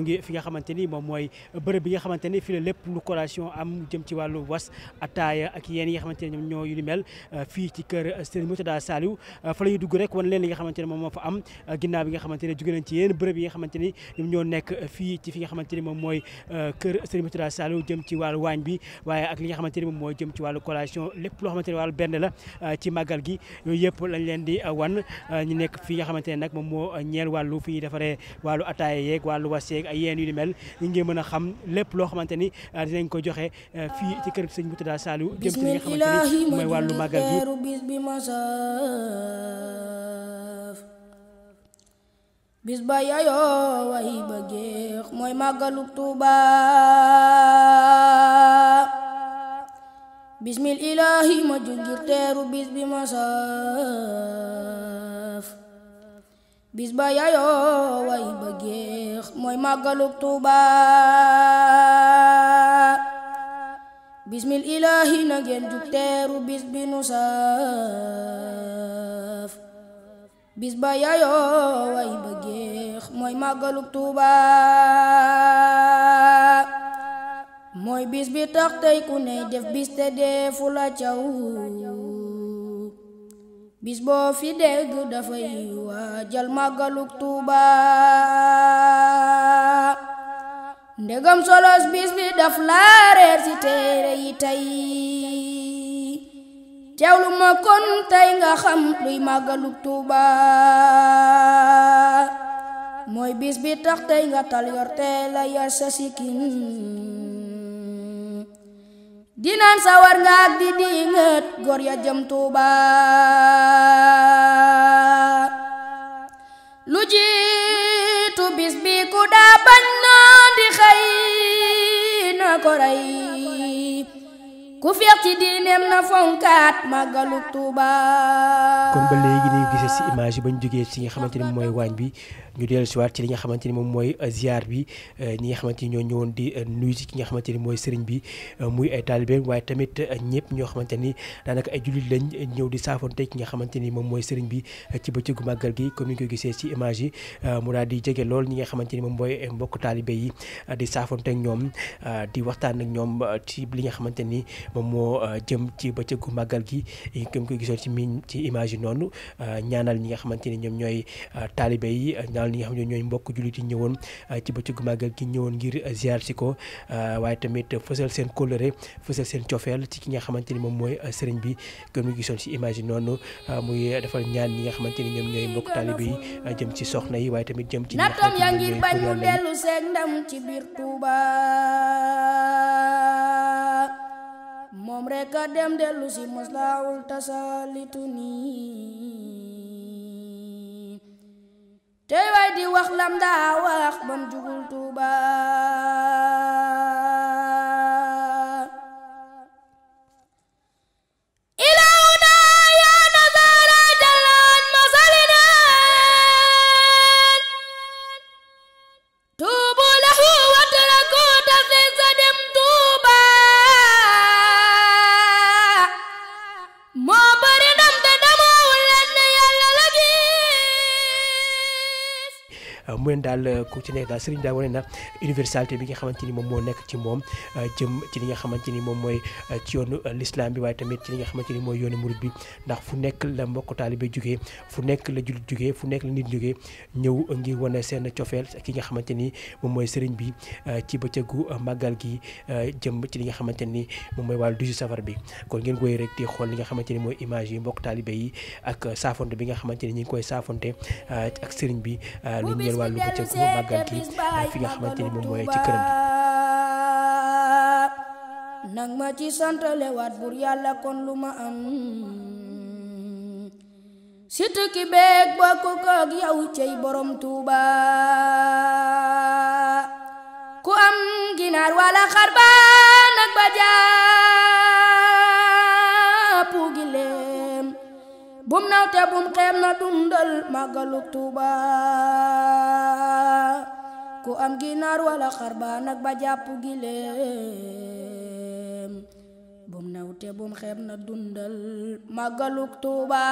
ngi fi nga xamante ni moom mooy bërëb bi nga xamante ni fii la lépp lu collation am jëm ci wàllu was ataaya ak ne ñoom ñoo yu ni mel fii ci kër Serigne Moutada Saliou fa la ñuy wan leen li nga xamante ne moom moo fa am ginnaaw nga xamante ne jóge nañ ci yéen bërëb yi nga xamante ni ñoom ñoo nekk fii ci nga xamante ni moom mooy kër Serigne Moutada jëm ci wàllu waañ bi waaye ak li nga xamante ni moom mooy jëm ci wàllu collation lépp loo xamante ni wàllu benn la ci màggal gi yooyu yëpp lañ leen di wan euh, ñu nekk fi nga xamante ne nag moom moo ñeel wàllu fi ñuy defaree wàllu ataaya yeeg wàllu was yeeg ay yeen yu ni mel ñu ngi mën a xam lépp loo xamante ni euh, dinañ ko joxe euh, fii ci kër sëñ Mourtada Saliou jëm ci li nga xamante ni mooy wàllu màggal gi bis ba yayoo way ba géex mooy màggalug Tuubaa bismil ilaahi ma jungir teeru bis bi ma saaf yayoo way ba mooy màggalug Tuuba bismil ilaahi na ngeen jug teeru bis bi nu ba yayoo way ba mooy màggalug Tuuba mooy biis bi tax tey ku ney def bis te deefu la caw bis boo fi dégg dafay waajal màggaluk Tuuba ndegam solos bis bi daf laa reer ci téere yi tey teewlu ma kon tey nga xam luy màggaluk Tuuba mooy bis bi tax tey nga tal yor la yar sa sikin dinaan sawar nga ak di diingat gor ya jëm Tuuba lu jiitu bis bi ku daa bañ naa di xëy na ko rey ku feex ci diineem na fonkaat màggalu Tuuba kon ba léegi dañu gisee si image yi jógee si nga xamante ne mooy waañ bi ñu dellu si waat ci li nga xamante ni moom mooy euh, ziar bi euh, ñi nga xamante ñoo euh, xamante ni mooy sëriñ bi muy ay taalibeem waaye tamit ñëpp ñoo ki nga xamante ni moom mooy sëriñ bi ci bëccëgu màggal gi comme ni ko gisee si image yi mu daal di jege lool ñi nga xamante ni moom mooy mbokk taalibe yi di saafonte ak ñoom di waxtaan ak ñoom ci li nga xamante ni moom moo jëm ci bëccëgu màggal gi comme ko gisoon ci mi ci image yi noonu ñaanal ñi xamante ni ñoom ñooy ñi nga xam ne ñooy mbokk jullit yi ñëwoon ah, ci bëccëgu màggal gi ñëwoon ngir ah, ziar ko ah, waaye tamit fësal seen kóllëre fësal seen cofeel ci ki nga xamante ni moom mooy sëriñ bi comme ñu gisoon si image yi noonu muy defal ñaan ñi nga xamante ni ñoom ñooy mbokk taalibe yi jëm ci soxna yi waaye tamit jëm ci nattam ya ngir bañ mu dellu ndam ci biir Tuuba moom rek a dem dellu si moslaawul tasalitu nii tey waay di wax lam daa wax bam jugul Tuuba Euh, mu leen daal ku ci nekk daal Serigne daal wane na universalité bi nga xamante ni moom moo nekk ci moom euh, jëm ci li nga xamante ni moom mooy euh, ci yoonu l'islam bi waaye tamit ci li nga xamante ni mooy yoonu murid bi ndax fu nekk la mbokk taalibe fu nekk la jullit jógee fu nekk la nit ñëw ngir wane seen cofeel ki nga xamante ni moom mooy Serigne bi ci bëccëgu màggal gi jëm ci li nga xamante ni moom mooy wàllu du safar bi kon ngeen koy rek di xool li nga xamante ni mooy image yi mbokk taalibe yi ak saafonte bi nga xamante ni ñu ngi koy saafonte ak sëriñ bi lu ñeel wàllu bëccëgu ci këram gi. nag ma ci santale waat bur kon lu ma am si tukki beeg bokk ko cey borom tuuba ku am ginaar wala xar ba nag ba bum naw te bum xeeb na dundal màggalug Tuuba ku am ginaar wala xar ba ba jàpp gileem bum naw bum xeeb na dundal màggalug Tuuba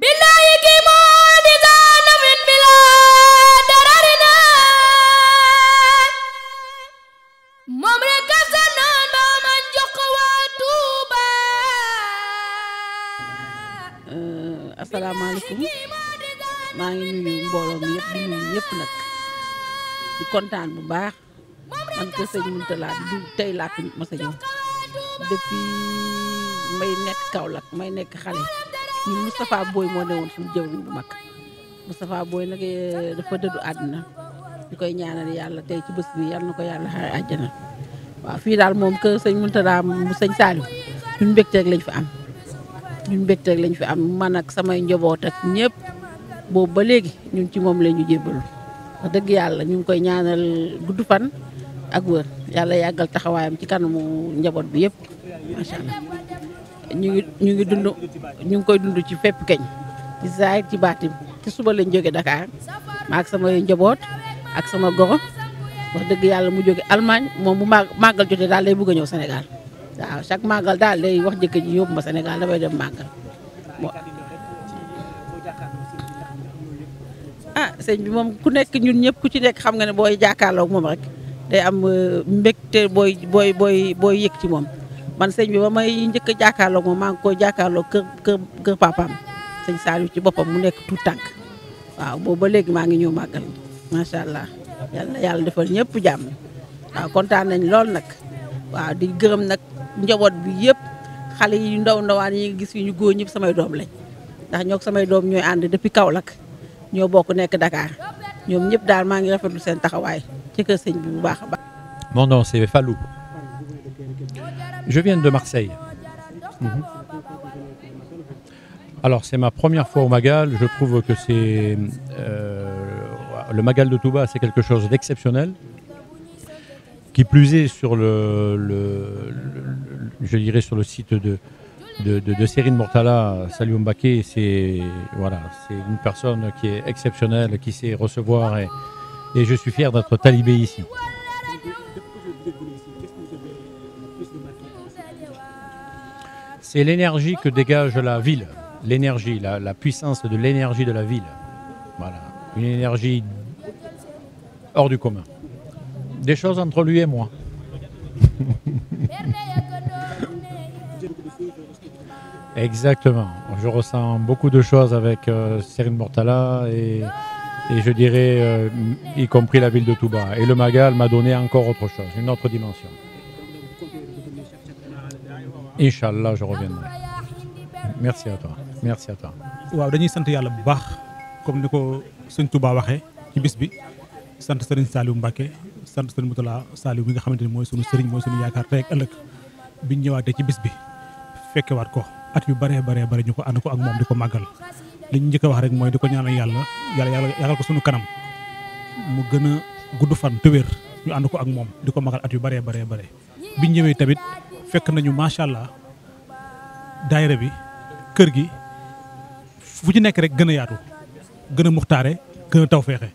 bilaayi asalaamaaleykum maa ngi nuyu mbooloo mi yëpp nag di kontaan bu baax man ko sëñ Moutala di tey laa ko ma sa ñëw depuis may nekk Kaolack may nekk xale ñun Moustapha Boy moo newoon suñu jëwriñ mag Moustapha Boy nag eh, dafa dëddu àdduna di koy ñaanal yàlla tey ci bés bi yàlla na ko yàlla xare fii daal moom kër sëñ Moutala mu sëñ Saliou ñun mbégteeg am. ñun mbégte lañ fi am man ak samay njaboot ak ñëpp boobu ba léegi ñun ci moom la ñu jébbalu wax dëgg yàlla ñu ngi koy ñaanal gudd fan ak wër yàlla yàggal taxawaayam ci kanamu njaboot bi yëpp macha allah ñu ngi ñu ngi dund ñu ngi koy dund ci fépp keñ ci saay ci baatim ci suba lañ jóge Dakar ak samay njaboot ak sama goro wax dëgg yàlla mu jóge Allemagne moom bu màggal jotee daal day bugg a ñëw Sénégal waaw chaque màggal daal day wax jëkk ji yóbbu ma Sénégal damay dem màggal ah sëñ bi moom ku nekk ñun ñëpp ku ci nekk xam nga ne booy jàkkaarloog moom rek day am euh, mbégte booy booy booy booy yëg ci moom man sëñ bi ma may njëkk a moom maa ngi koy jàkkaarloog kër kër kër papaam sëñ Saliou ci boppam mu nekk tout tànk waaw boobu ba léegi maa ngi ñëw màggal macha allah yàlla yàlla defal ñëpp jàmm waaw kontaan lool nag waaw di gërëm nag. njaboot bi yëpp xale yi ndaw ndawaan yi nga gis yi ñu góor ñëpp samay doom lañ ndax ñoo samay doom ñooy ànd depuis Kaolack ñoo bokk nekk Dakar ñoom ñëpp daal maa ngi rafetlu seen taxawaay ci kër sëñ bi bu baax a baax. Mon nom c'est Fallou. Je viens de Marseille. Mmh. Alors c'est ma première fois au Magal. Je trouve que euh, de Touba, c'est quelque chose d'exceptionnel. Qui plus est, sur le, le, le, je dirais site de, de, Mortala, Saliou Mbaké, c'est une personne qui sait recevoir et, et je suis fier d'être talibé ici. C'est l'énergie que dégage la ville, l'énergie, la, la, puissance de l'énergie de la ville. Voilà, une énergie hors du commun. des choses entre lui et moi. Exactement. Je ressens beaucoup de choses avec euh, Mortala et, je dirais euh, y compris la ville de Touba. Et le Magal m'a donné encore autre chose, une autre dimension. Inch'Allah, je reviendrai. Merci à toi. Merci à toi. waaw dañuy sant yàlla bu baax comme ni ko sëñ Touba waxee ci bis bi sant Serigne Saliou Mbacké sant sëriñ Moutala Saliou mi nga xamante ne mooy sunu sëriñ mooy sunu yaakaar tey ak ëllëg biñ ñëwaatee ci bis bi fekkewaat ko at yu baree baree bare ñu ko ànd ko ak moom di ko màggal li njëkk wax rek mooy di ko ñaanal yàlla yàlla yàlla ko sunu kanam mu gën a gudd fan te wér ànd ko ak moom di ko màggal at yu baree baree bare biñ ñëwee tamit fekk nañu macha allah daayira bi kër gi fu ci nekk rek gën a yaatu gën a muxtaare gën a taw feexe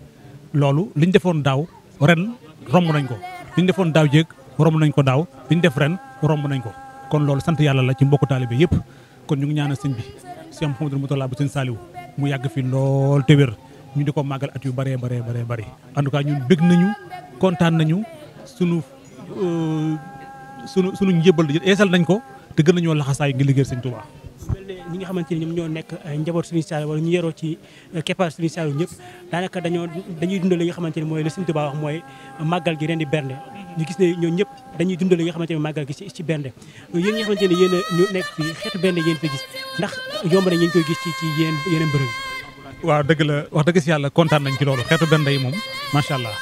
loolu liñ defoon daaw ren romb nañ ko li ñu defoon daaw jéeg romb nañ ko daaw li ñu def ren romb nañ ko kon loolu sant yàlla la ci mbokku taalibe yëpp kon ñu ngi ñaanal sëñ bi si am xamadul mutala bu sëñ Saliou mu yàgg fi lool te ñu di ko màggal at yu bëree bëree bëree bëri en tout cas ñun bëgg nañu kontaan nañu sunu euh, sunu sunu njëbal yeesal nañ ko te gën nañoo laxasaay ngir liggéey sëñ Touba ñi nga xamante ni ñoom ñoo nekk eh, njaboot Serigne Saliou wala ñu yeroo ci eh, keppaar Serigne Saliou ñëpp daanaka dañoo dañuy dundal li nga xamante ni mooy li Serigne Touba wax mooy màggal gi reen di bernde ñu gis ne ñoom ñëpp dañuy dundal li nga xamante ni màggal gi ci bernde yéen ñi ñu nekk fi xeetu bernde yéen fi gis ndax yomb na ngeen koy gis ci ci yéen yeneen waaw dëgg la wax dëgg si yàlla kontaan nañ ci loolu xeetu bernde yi moom macha allah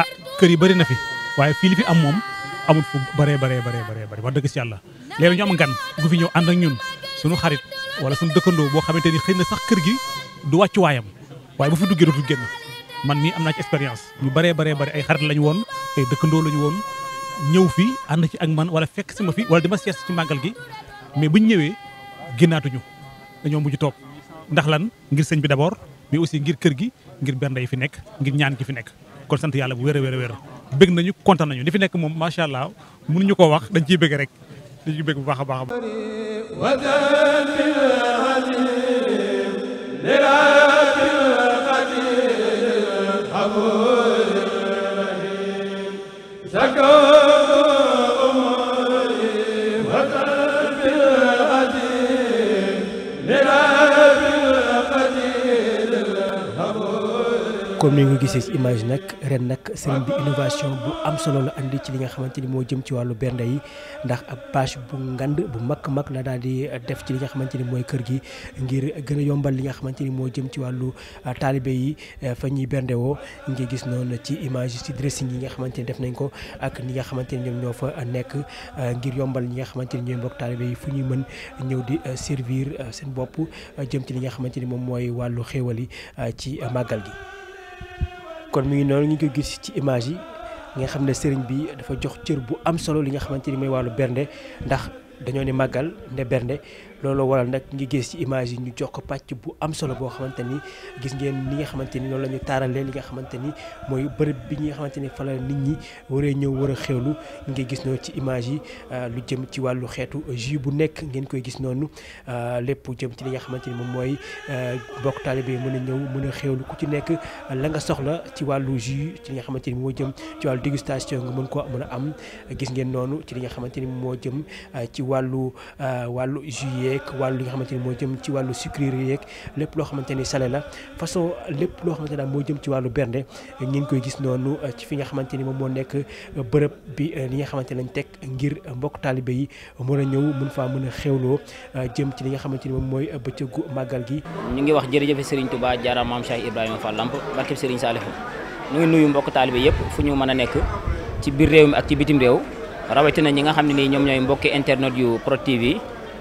ah kër yi bëri na fi waaye fii li fi am moom amul fu bëree bëree bëree bëree bëri wax dëgg si yàlla léegi ñu am gan gu fi ñëw ànd wala suñu dëkkandoo boo xamante ni xëy na sax kër gi du wàccuwaayam waaye bu fi duggee dootul génn man mii am naa ci expérience ñu baree baree bari ay xarit lañu woon ay dëkkandoo lañu woon ñëw fii ànd ci ak man wala fekk si ma fi wala di ma sees ci màggal gi mais buñ ñëwee génnaatuñu dañoo mujj toog ndax lan ngir sëñ bi d'abord mais aussi ngir kër gi ngir benn yi fi nekk ngir ñaan gi fi nekk kon sant yàlla bu wér a wér a wér bëgg nañu kontaan nañu li fi nekk moom macha allah mënuñu ko wax dañ ciy rek di ci bëgg bu baax a baax a baax comme ni nga gisee ci nag ren nag sëriñ am solo la andi ci li nga xamante ni moo jëm ci wàllu bernde ndax ab bâche bu ngand bu mag mag la daal di def ci li xamante ni mooy kër gi ngir gën yombal li nga xamante ni moo jëm ci wàllu ah, taalibe yi eh, fa ñuy bernde woo nga gis noonu ci image ci dressing yi nga xamante ni def nañ ko ak ñi nga xamante ni ñoom ñoo fa nekk ah, ngir yombal ñi nga xamante ni ñooy mbokk taalibe yi fu ñuy mën ñëw di ah, servir seen bopp jëm ci li nga xamante ni moom mooy wàllu xéewal yi ci màggal gi kon mu ngi noonu ñu ko gis ci image yi nga xam ne sëriñ bi dafa jox cër bu am solo li nga xamante ni mooy wàllu bernde ndax dañoo ni màggal nde bernde loolu waral nag ngi gis ci image yi ñu jox ko pàcc bu am solo boo xamante ni gis ngeen li nga xamante ni loolu la ñu taaralee li nga xamante ni mooy bërëb bi ñu nga xamante ni fa nit ñi waree ñëw war a xewlu ngay gis noonu ci image yi euh, lu jëm ci wàllu xeetu jus bu nekk ngeen koy gis noonu euh, lépp jëm ci li nga xamante ni moom mooy euh, mbokk taalibe yi mën a ñëw mën a xewlu ku ci nekk la nga soxla ci wàllu jus ci xamante ni moo jëm ci wàllu dégustation nga mën koo mën a am gis noonu ci li nga xamante ni moo jëm ci wàllu wàllu jus yeeg wàllu li nga xamante ni moo jëm ci wàllu sucrerie yeeg lépp loo xamante ni salé la façon lépp loo xamante daal moo jëm ci wàllu bernde ñu ngi koy gis noonu euh, ci fi nga xamante ni moom moo nekk euh, bërëb bi euh, li nga xamante lañ teg ngir mbokk taalibe yi mën a ñëw mun faa mën a xewloo jëm ci li nga xamante ni moom mooy bëccëgu màggal gi ñu ngi wax jërëjëfe Serigne Touba jaara maam Cheikh Ibrahima fa Lamp barkeb Serigne Saliou ñu ngi nuyu mbokk taalibe yëpp fu ñu mën a nekk ci biir réew mi ak ci bitim réew na ñi nga xam ne nii ñoom ñooy mbokki internet yu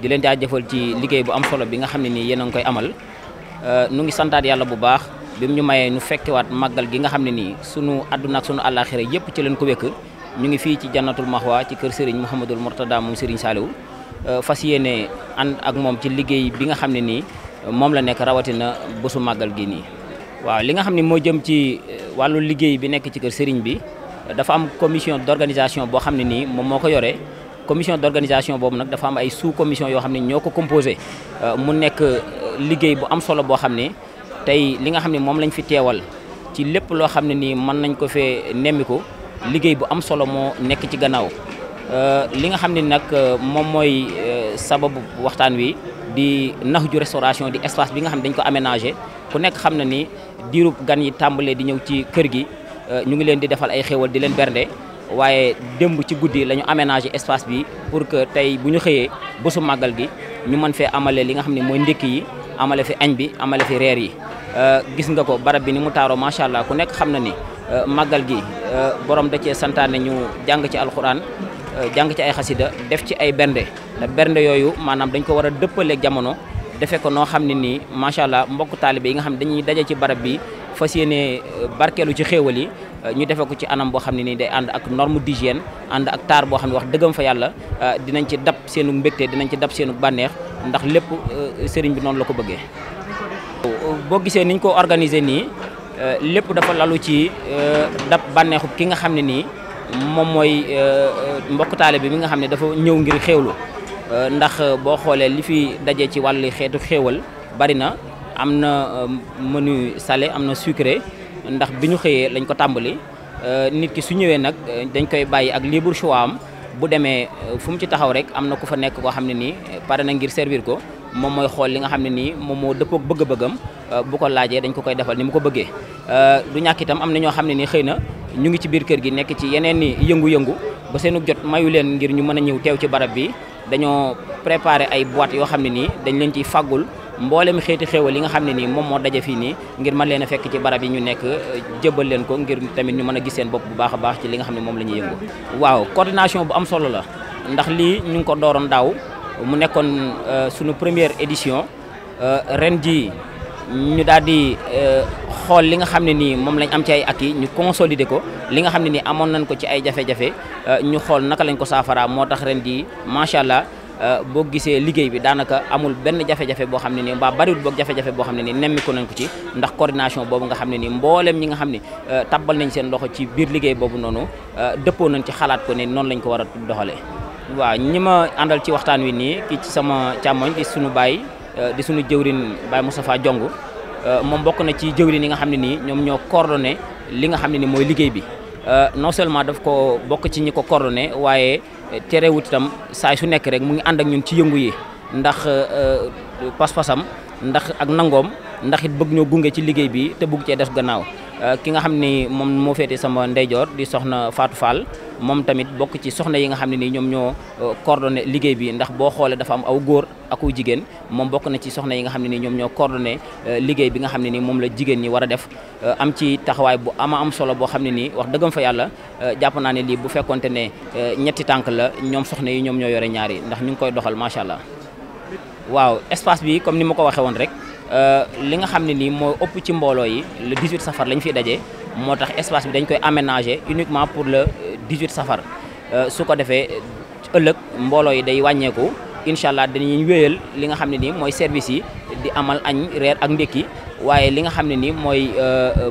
di leen jaajëfal ci liggéey bu am solo bi nga xam ne nii yéen a koy amal nu euh, ngi santaat yàlla bu baax bi mu ñu mayee nu fekkewaat màggal gi nga xam ne nii sunu àdduna ak sunu àllaaxira yëpp ci leen ko wekk ñu ngi fii ci jannatul maxwa ci kër Serigne Mouhamadul Mourtada moom Serigne Saliou euh, fas yéene ànd ak moom ci liggéey bi nga xam ne nii euh, moom la nekk rawatina bésu màggal gi nii. waaw li nga xam ne moo jëm ci wàllu liggéey bi nekk ci kër Serigne bi dafa am commission d'organisation boo xam ne nii moom moo ko yore. commission d'organisation boobu nag dafa am ay sous commission yoo xam ne ñoo ko composé euh, mu nekk euh, liggéey bu am solo boo xam ne tey li nga xam ne moom lañ fi teewal ci lépp loo xam ne nii mën nañ ko fee nemmiku liggéey bu am solo moo nekk ci gannaaw euh, li nga xam ne nag moom mooy sababu waxtaan wi di nax Nahdiou restauration di espace bi nga xam ne dañ ko aménagé ku nekk xam na ni diirub gan yi tàmbalee di ñëw ci kër gi ñu ngi leen di defal ay xéwal di leen bernde waaye démb ci guddi la ñu aménagé espace bi pour que tey bu ñu xëyee bésu màggal gi ñu mën fee amale li nga xam ne mooy ndékki yi amale fi añ bi amale fi reer yi euh, gis nga ko barab bi ni mu taaroo macha allah ku nekk xam na ni euh, màggal gi euh, borom da cee santaane ñu jàng ci alxuraan jàng ci ay xasida def ci ay bernde te bernde yooyu maanaam dañ ko war a dëppalee jamono defe ko noo xam ne nii macha allah mbokk taalibe yi nga xam ne dañuy daje ci barab bi fas yéene barkeelu ci xéewal yi ñu defee ko ci anam boo xam ne nii day ànd ak norme d'hygiène ànd ak taar boo xam ne wax dëggam fa yàlla euh, dinañ ci dab seenu mbégte dinañ ci dab seenu bànneex ndax lépp euh, sëriñ bi noonu la ko bëggee. boo gisee ni ñu ko organiser nii euh, lépp dafa lalu ci dab bànneexu ki nga xam ne nii moom mooy mbokk taale bi mi nga xam ne dafa ñëw ngir xéewlu ndax boo xoolee li fi dajee ci wàllu xeetu xéewal bari na am na mënu salé am na sucré. ndax bi ñu xëyee lañ ko tàmbali euh, nit ki su ñëwee nag euh, dañ koy bàyyi ak libre choix am bu demee euh, fu mu ci taxaw rek am na ku fa nekk koo xam ne nii pare na ngir servir ko moom mooy xool li nga xam ne nii moom moo dëppoog bëgg-bëggam bu ko laajee dañ ko koy defal ni mu ko bëggee du ñàkk itam am na ñoo xam ne nii xëy na ñu ngi ci biir kër gi nekk ci yeneen ni yëngu-yëngu ba seenu jot mayu leen ngir ñu mën a ñëw teew ci barab bi dañoo préparé ay boîte yoo mi xeeti xéewal li nga xam ne nii moom moo daje fii nii ngir mën leen a fekk ci barab yi ñu nekk euh, jëbal ko ngir tamit ñu mën a gis seen bopp bu baax a baax ci li nga xam ne moom la yëngu waaw coordination bu am solo la ndax lii ñu ngi ko dooroon daaw mu nekkoon euh, suñu première édition euh, ren jii ñu daal di xool li nga xam ne nii moom lañ am ci ay at yi ñu consolider ko li nga xam ne nii amoon nañ ko ci ay jafe-jafe ñu xool naka lañ ko saafara moo tax ren jii macha allah. Euh, boo gisee liggéey bi daanaka amul benn jafe-jafe boo xam ne nii mbaa bariwul boog jafe-jafe boo xam ne nii nemmiku nañ ko ci ndax coordination boobu nga xam ne nii mbooleem ñi nga xam ne euh, tabbal nañ seen loxo ci biir liggéey boobu noonu euh, dëppoo nañ ci xalaat ko ne noonu lañ ko war a doxalee. waaw ñi ma àndal ci waxtaan wi nii ci sama càmmoñ di baay di sunu jëwrin baay Moustapha Diong moom bokk na ci jëwrin yi nga xam ne nii ñoom ñoo coordonné li nga xam ne nii mooy liggéey bi non seulement daf ko bokk ci ñi ko coordonné waaye. terewut itam saay su nekk rek mu ngi ànd ak ñun ci yëngu yi ndax euh, pas-pasam ndax ak nangoom ndax it bëgg ñoo gunge ci liggéey bi te bugg cee def gannaaw Euh, ki nga xam ni moom moo féete sama ndeyjoor di soxna Fatou Fall moom tamit bokk ci soxna yi nga xam ne nii ñoom ñoo euh, coordonné liggéey bi ndax boo xoolee dafa am aw jigéen moom bokk na ci soxna yi nga xam ne nii ñoom ñoo coordonné euh, liggéey bi nga xam ne nii moom la jigéen ñi war a def am ci taxawaay bu ama am solo boo xam ne nii wax dëggam fa yàlla jàpp naa ne lii bu fekkonte ne ñetti tànk la ñoom soxna yi ñoom ñoo yore ñaari ndax ñu ngi koy doxal macha allah waaw espace bi comme ni ma ko waxee rek Euh, li nga xam ne nii mooy ëpp ci mbooloo yi le 18 safar lañ fi daje moo tax espace bi dañ koy aménagé uniquement pour le 18 euh, safar euh, su ko defee ëllëg mbooloo yi day wàññeeku incha allah dañuy wéyal li nga xam ne nii mooy service yi di amal añ reer ak ndékki waaye li nga xam ne nii mooy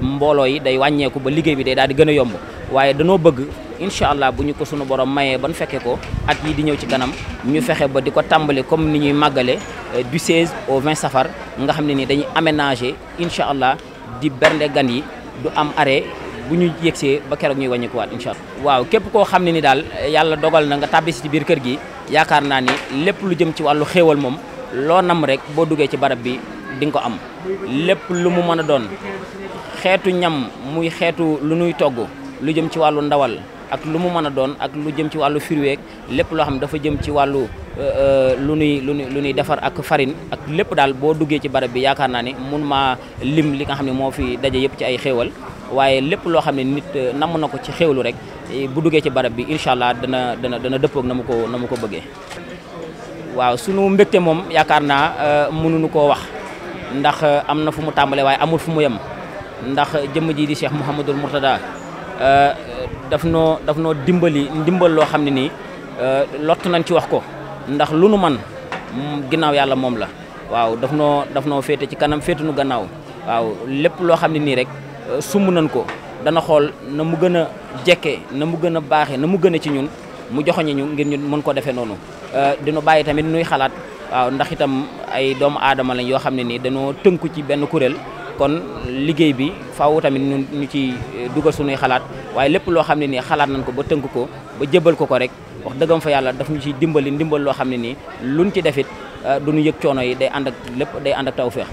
mbooloo yi day wàññeeku ba liggéey bi day daal di gën a yomb waaye danoo incha allah bu ñu ko sunu borom mayee ban fekkee ko at yi di ñëw ci kanam ñu fexe ba di ko tàmbali comme ni ñuy màggale euh, du 16 au 20 safar nga xam ne nii dañuy aménager incha allah di bernde gan yi du am arrêt bu ñu yegsee ba keroog ñuy wàññikuwaat incha allah. waaw képp koo xam ne ni daal euh, yàlla dogal na nga tàbbisi ci biir kër gi yaakaar naa ni lépp lu jëm ci wàllu xéewal moom loo nam rek boo duggee ci barab bi di nga ko am lépp lu mu mën a doon xeetu ñam muy xeetu lu nuy togg lu jëm ci wàllu ndawal. ak lu mu mën a doon ak lu jëm ci wàllu fruits lépp loo xam dafa jëm ci wàllu euh, lu nuy lu nuy lu nuy defar ak farine ak lépp daal boo duggee ci barab bi yaakaar naa ni mun maa lim li nga xam ne moo fi daje yëpp ci ay xéewal waaye lépp loo xam ne nit euh, namm na ko ci xéewlu rek eh, bu duggee ci barab bi incha allah dana dana dana dëppoog na mu ko na mu ko bëggee. waaw sunu mbégte moom yaakaar naa euh, mënuñu koo wax ndax am na fu mu tàmbalee waaye amul fu mu yem ndax jëmm ji di Cheikh Mouhamadul Mourtada Euh, daf noo daf noo dimbali ndimbal loo xam ne nii euh, lott nañ ci wax ko ndax lu nu man mm, ginnaaw yàlla moom la waaw daf noo daf noo féete ci kanam féete nu gannaaw waaw lépp loo xam ne nii rek euh, sumb nañ ko dana xool na mu gën a jekkee na mu gën a baaxee na mu gën ci ñun mu joxoñi ñu ngir ñu mën ko defee noonu dinu bàyyi tamit nuy xalaat waaw ndax itam ay doomu aadama lañ yoo xam ne nii dañoo tënku ci benn kuréel kon liggéey bi faaw tamit ñu ñu ci eh, dugal suñuy xalaat waaye lépp loo xam ne nii xalaat nañ ko ba tënk ko ba jëbal ko ko rek wax dëggam fa yàlla daf ñu ci dimbali ndimbal loo xam ne nii luñ ci defit eh, du ñu yëg coono yi day ànd ak lépp day ànd ak tawféex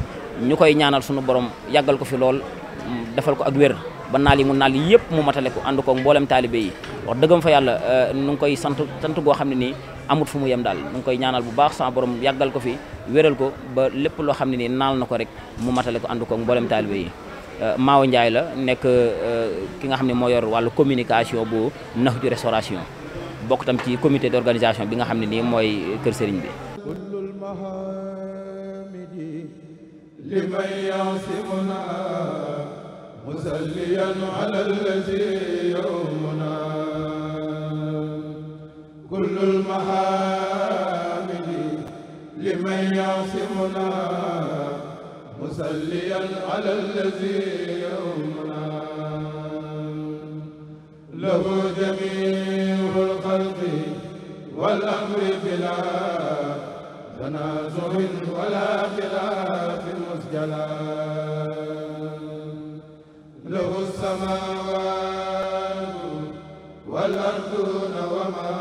ñu koy ñaanal suñu borom yàggal ko fi lool mm, defal ko ak wér ba naal yi mu naal yëpp mu matale ko ànd koog mboolem taalibe yi wax dëggam fa yàlla euh, nu koy sant sant goo xam ne nii amut fu mu yem daal nu ngi koy ñaanal bu baax sama borom yàggal ko fi wéral ko ba lépp loo xam ne nii naal na ko rek mu matale ko ànd koog mboolem taalibe yi euh, Maawa Ndiaye la nekk euh, ki nga xam ne moo yor wàllu communication bu Nahju restauration bokk tam ci comité d'organisation bi nga xam ne nii mooy kër sëriñ bi kullul mahamidi liman yaasimuna مسليا على الذي يومنا كل المحامد لمن يعصمنا مسليا على الذي يومنا له جميع الخلق والأمر بلا تنازع ولا خلاف مسجلا له السماوات والأرضون وما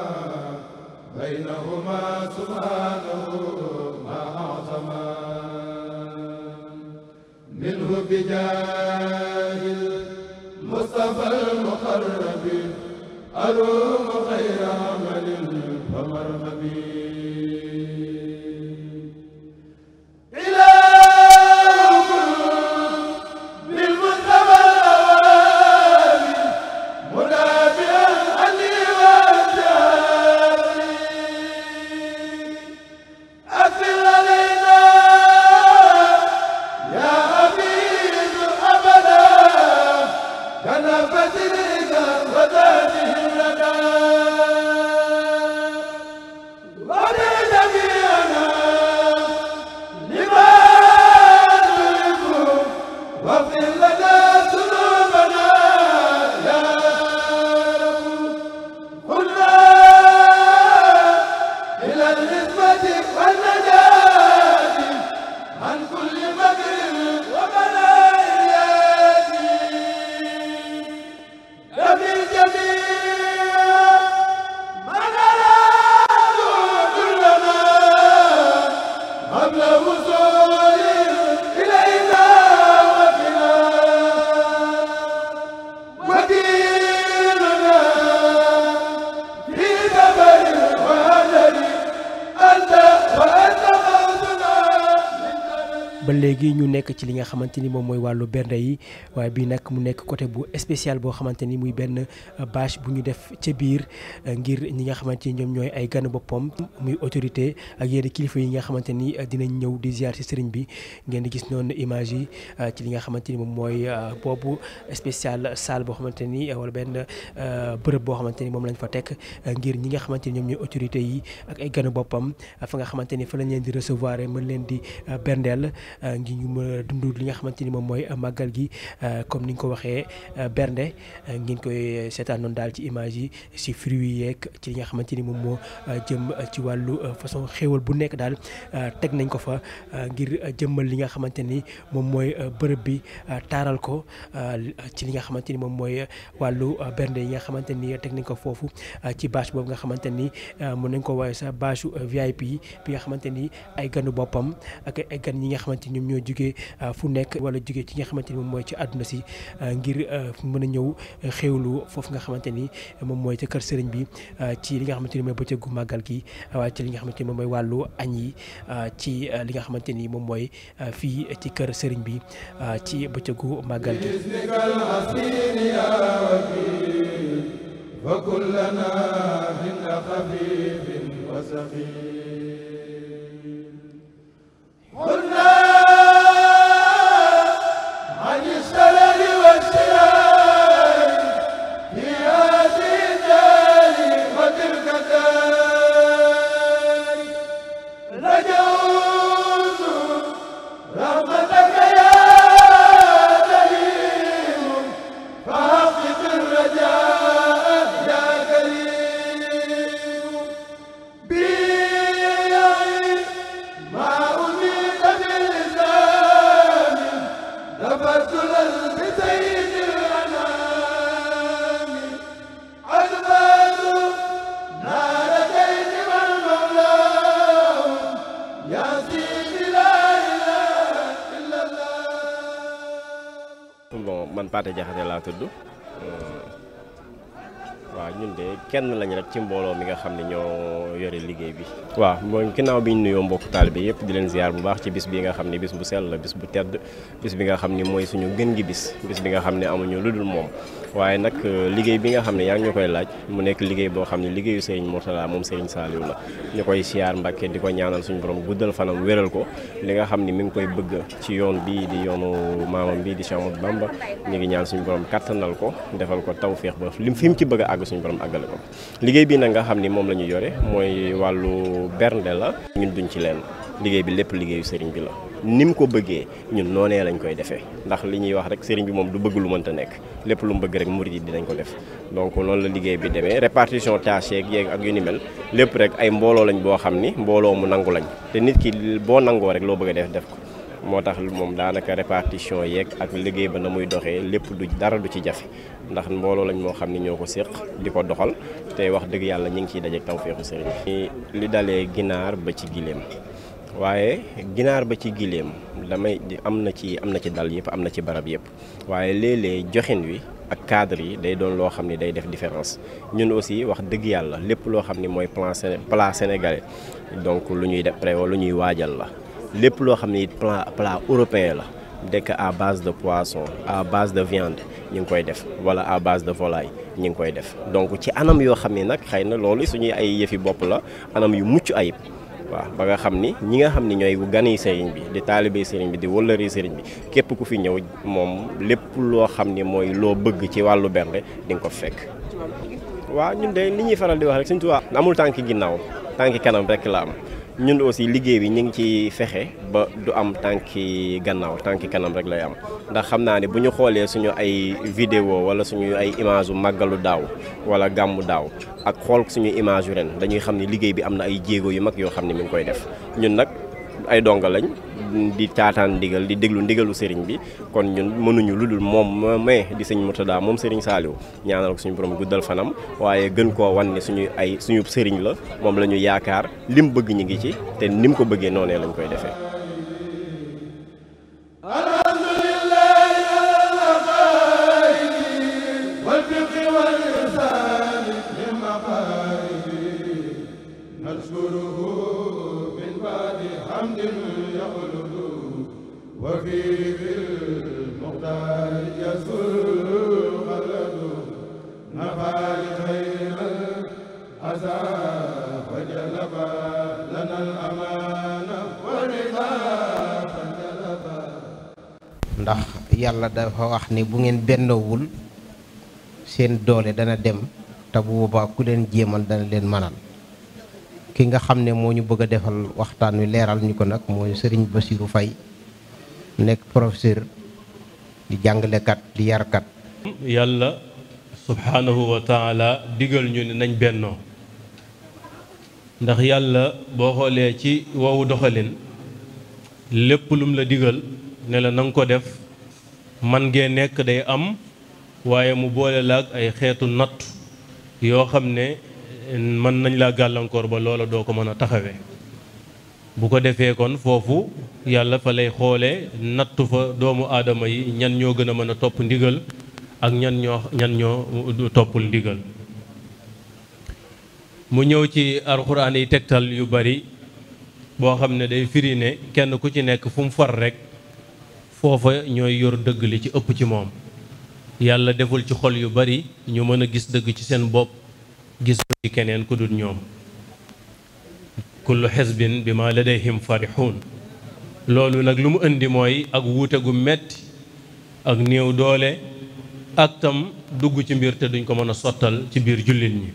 بينهما سبحانه ما أعظم منه بجاه المصطفى المقرب أروم خير عمل فمرغبين ci ni moom mooy wàllu bernde yi waaye bii nag coté bu spécial boo xamante ni muy benn euh, bâche bu ñu def ca biir euh, ngir ñi nga xamante ni ñoom ñooy ay ganu boppam muy autorité ak yenn kilifa yi nga xamante ni euh, dinañ ñëw di ziar ci sëriñ bi ngeen di gis noonu image yi ci li nga xamante ni moom mooy boobu spécial salle boo xamante ni wala benn bërëb boo xamante ni moom lañ fa teg ngir ñi nga xamante ni ñoom ñooy autorité yi ak ay ganu boppam fa nga xamante ni fa lañ leen di recevoir mën leen di berndeel ngi ñu mën dundu li nga xamante ni moom mooy màggal gi comme ni nga ko waxee waxee euh, bernde euh, ngeen koy euh, seetaan noonu daal ci image yi si fruits yi yeeg ci li nga xamante ni moom moo jëm ci wàllu façon xéewal bu nekk daal teg nañ ko fa ngir jëmmal li nga xamante ni moom mooy bërëb bi taaral ko ci li nga xamante ni moom mooy wàllu bernde yi nga xamante ni teg nañ ko foofu ci bâche boobu nga xamante ni mën nañ ko waaye sax bâche VIP bi nga xamante ni ay ganu boppam ak ay gan yi nga xamante ni ñoom ñoo jugee fu nekk wala jóge ci nga xamante ni moom mooy ci àdduna si ngir euh, mën a ñëw euh, xéewlu foofu nga xamante ni moom mooy ci kër sëriñ bi euh, ci li nga xamante ni mooy bëccëgu màggal gi waaye ci li nga xamante ni moom mooy yi ci li nga xamante ni moom mooy fii ci kër sëriñ bi ci bëccëgu màggal gi wa kullana inda xafifin wa safin waaw mooy ginnaaw bi ñu nuyoo mbokku taalibe yëpp di leen ziar bu baax ci bis bi nga xam ne bis bu sell la bis bu tedd bis bi nga xam ni mooy suñu gën gi bis bis bi nga xam ne amuñu lu dul moom waaye nag euh, liggéey bi nga xam ne yaa ngi koy laaj mu nekk liggéey boo xam ne liggéeyu Serigne Mourtala moom Serigne Saliou la ñu koy siyaar Mbàkke di ko ñaanal suñu borom guddal fanam wéral ko li nga xam ni mi ngi koy bëgg ci yoon bi di yoonu maamam bi di Cheikh Ahmadou Bamba ñu ngi ñaan suñu borom kattanal ko defal ko taw tawféex ba lim fi mu ci bëgg a àgg suñu borom àggale ko liggéey bi nag nga xam ni moom la ñu yore mooy wàllu bernde la ñun duñ ci leen liggéey bi lépp liggéeyu sëriñ bi la ni mu ko bëggee ñun noonee lañ koy defee ndax li ñuy wax rek sëriñ bi moom du bëgg lu mënta nekk lépp lu mu bëgg rek murid yi dinañ ko def donc noonu la liggéey bi demee répartition tâche yeeg yeeg ak yu ni mel lépp rek ay mbooloo lañ boo xam ni mbooloo mu nangu lañ te nit ki boo nangoo rek loo bëgg a def def ko moo tax moom daanaka répartition yeeg ak liggéey ba na muy doxee lépp du dara du ci jafe ndax mbooloo lañ moo xam ne ñoo ko séq di ko doxal tey wax dëgg yàlla ñu ngi ciy daje tawféexu sëriñ bi. li dalee ginaar ba ci gileem waaye ginaar ba ci gileem damay am na ci am na ci dal yëpp am na ci barab yëpp waaye léeg-léeg joxin wi. ak cadre yi day doon loo xam ne day def différence ñun aussi wax dëgg yàlla lépp loo xam ne mooy plan plan sénégalais donc lu ñuy def prévoir lu ñuy waajal la lépp loo xam ne it plan plat européen la dekk à base de poisson à base de viande ñu ngi koy def wala à base de volaille ñu ngi koy def donc ci anam yoo xam ne nag xëy na loolu suñuy ay yëfi bopp la anam yu mucc ayib waaw ba nga xam ni ñi nga xam ni ñooy gani sëriñ bi di taalibe sëriñ bi di wëllëri sëriñ bi képp ku fi ñëw moom lépp loo xam ni mooy loo bëgg ci wàllu bernde di nga ko fekk. waaw ñun de li ñuy faral di wax rek Sëriñ waa amul tànk ginnaaw tànk kanam rek la ñun aussi liggéey bi ñu ngi ci fexe ba du am tànki gannaaw tànki kanam rek lay am ndax xam naa ne bu ñu xoolee suñu ay vidéo wala suñu ay image yu màggalu daaw wala gàmmu daaw ak xool suñu image yu ren dañuy xam ni liggéey bi am na ay jéego yu mag yoo xam ne mi ngi koy def ñun nag ay donga lañ di caataan ndigal di déglu ndigalu sëriñ bi kon ñun mënuñu lu dul moom mais di sëñ Murtada moom sëriñ Saaliw ñaanal ko suñu borom guddal fanam waaye gën koo wan ne suñu ay suñu sëriñ la moom la ñu yaakaar lim bëgg ñu ngi ci te ni mu ko bëggee noonee lañ koy defee ndax yàlla dafa wax ni bu ngeen bennoowul seen doole dana dem te bu ku leen jéemal dana leen manal ki nga xam ne moo ñu bëgg a defal waxtaan wi leeral ñu ko nag mooy sëriñ Bassirou fay nekk professeur di jàngalekat di yarkat yàlla subhaanahu wa taala digal ñu ne nañ bennoo ndax yàlla boo xoolee ci wowu doxalin lépp lum la digal ne la na ko def man ngee nekk day am waaye mu boole la ay xeetu natt yoo xam ne mën nañ laa gàllankoor ba loola doo ko mën a taxawee bu ko defee kon foofu yàlla fa lay xoolee nattu fa doomu aadama yi ñan ñoo gën a mën a topp ndigal ak ñan ñoo ñan ñoo toppul ndigal mu ñëw ci alxuraan yi tegtal yu bari boo xam ne day firi kenn ku ci nekk fu far rek foofa ñooy yor dëgg li ci ëpp ci moom yàlla deful ci xol yu bari ñu mën a gis dëgg ci seen bopp gis ko ci keneen ku dul ñoom kullu xesbin bi ma ladayhim farixuun loolu nag lu mu indi mooy ak wuute gu metti ak néew doole ak tam dugg ci mbir te duñ ko mën a sottal ci biir jullit ñi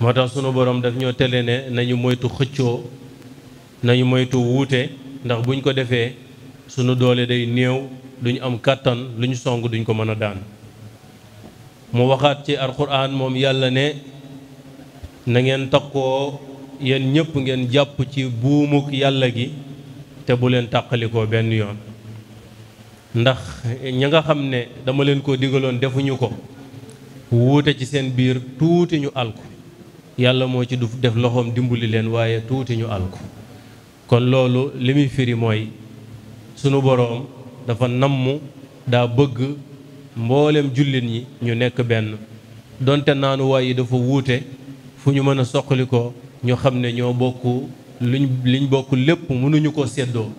moo tax sunu borom daf ñoo tele ne nañu moytu xëccoo nañu moytu wuute ndax buñ ko defee sunu doole day néew duñ am kàttan luñ song duñ ko mën a daan mu waxaat ci alxuraan moom yàlla ne na takkoo yéen ñëpp ngeen jàpp ci buumuk yàlla gi te bu leen tàqalikoo benn yoon ndax ñi nga xam ne dama leen ko digaloon defuñu ko wuute ci seen biir tuuti ñu alku yàlla moo ci du def loxoom dimbali leen waaye tuuti ñu alku kon loolu li muy firi mooy sunu boroom dafa namm daa bëgg mboolem jullit ñi ñu nekk benn donte naanuwaay yi dafa wuute fu ñu mën a soqalikoo ñu xam ne ñoo bokk luñ liñ bokk lépp mënuñu ko seddoo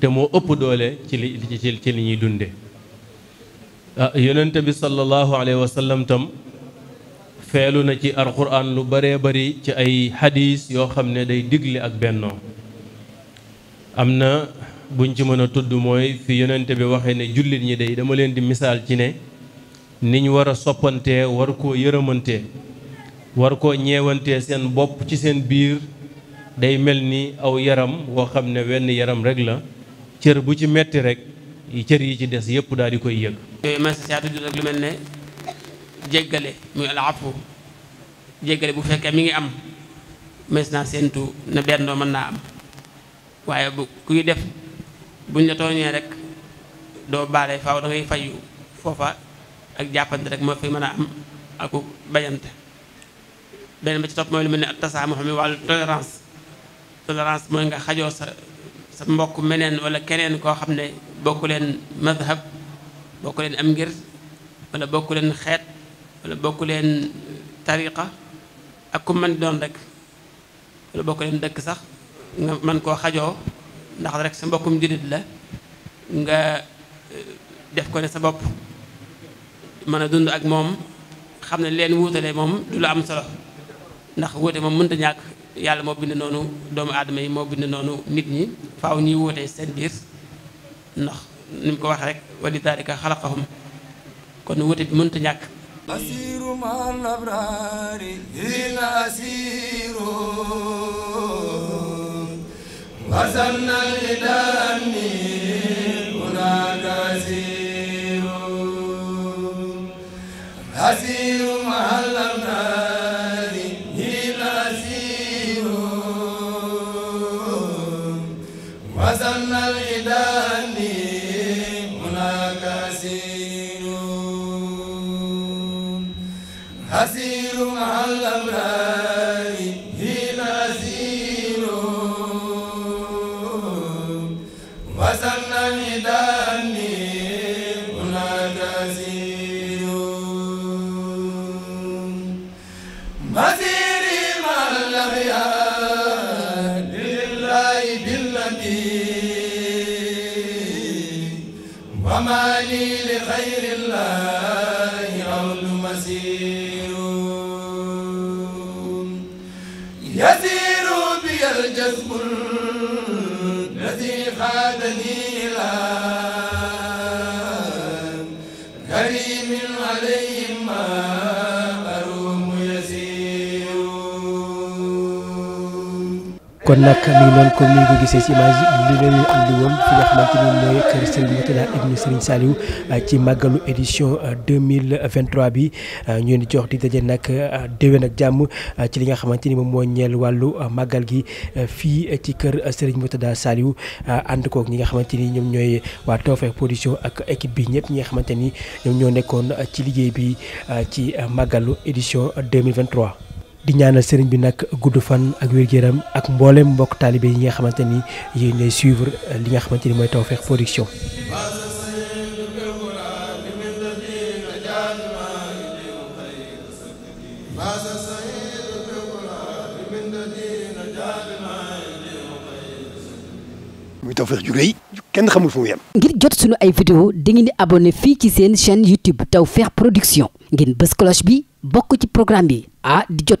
te moo ëpp doole ci li ci li ñuy dunde ah yonent bi sallallahu alayhi wa sallam tam feelu na ci alxuraan lu baree bari ci ay xadiis yoo xam ne day digle ak bennoo am na buñ ci mën a tudd mooy fi yonent bi waxe ne jullit ñi day dama leen di misaal ci ne niñ war a soppantee war koo yërëmantee war koo ñeewantee seen bopp ci seen biir day mel ni aw yaram woo xam ne wenn yaram rek la cër bu ci metti rek cër yi ci des yëpp daal di koy yëg yooyu ma si saatu ak lu mel ne jéggale muy al jéggale bu fekkee mi ngi am mes naa séentu ne bennoo mën naa am waaye bu kuy def buñ la tooñee rek doo baale faaw da ngay fayu foofa ak jàppante rek moo fi mën a am aku bañante beneen ba ci topp mooy lu mel ne ak tasaamu xam ne wàllu tolérance tolérance mooy nga xajoo sa mbokk meneen wala keneen koo xam ne bokk leen madhab bokku leen am ngir wala bokk leen xeet wala bokk leen tariqa ak ku mën doon rek wala bokku leen dëkk sax nga mën koo xajoo ndax rek sa mbokkum jullit la nga eh, def ko ne sa bopp mën a dund ak moom xam ne leen wuutale moom du la am solo ndax wóote moom mënta ñàkk yàlla moo bind noonu doomu aadama yi moo bind noonu nit ñi faaw ñuy wóote seen biir ndax ni mu ko wax rek wali daalika xalaqahum kon wóote bi mënta ñàkk asiru ma labraari وزن الإدان هناك سير حسير على الأمر kon nag mi ngi noonu comme ni ñu ko gisee ci image li leen andi woon fi nga xamante ni mooy kër Serigne Mourtada ibnu Serigne Saliou euh, ci màggalu édition euh, bi euh, ñu leen di jox di daje nag déwén ak jàmm ci li nga xamante ni moom mooy ñeel wàllu màggal gi fii ci kër Serigne Mourtada Saliou ànd kook ñi nga xamante ni ñoom ñooy waa Tawfekh Production ak équipe bi ñëpp ñi nga xamante ni ñoom ñoo nekkoon ci liggéey bi ci màggalu édition 2023. di ñaanal sëriñ bi nag gudd fan ak wér gu ak mboolem mbokk taalibe yi nga xamante ni yéen ñooy suivre euh, li nga xamante ni mooy Tawfekh Production. muy Tawfekh ju rëy kenn xamul fu mu ngir jot sunu ay vidéo dangeen di abonné fii ci seen chaîne YouTube feex Production ngeen bës cloche bi bokk ci programme bi ah di jot.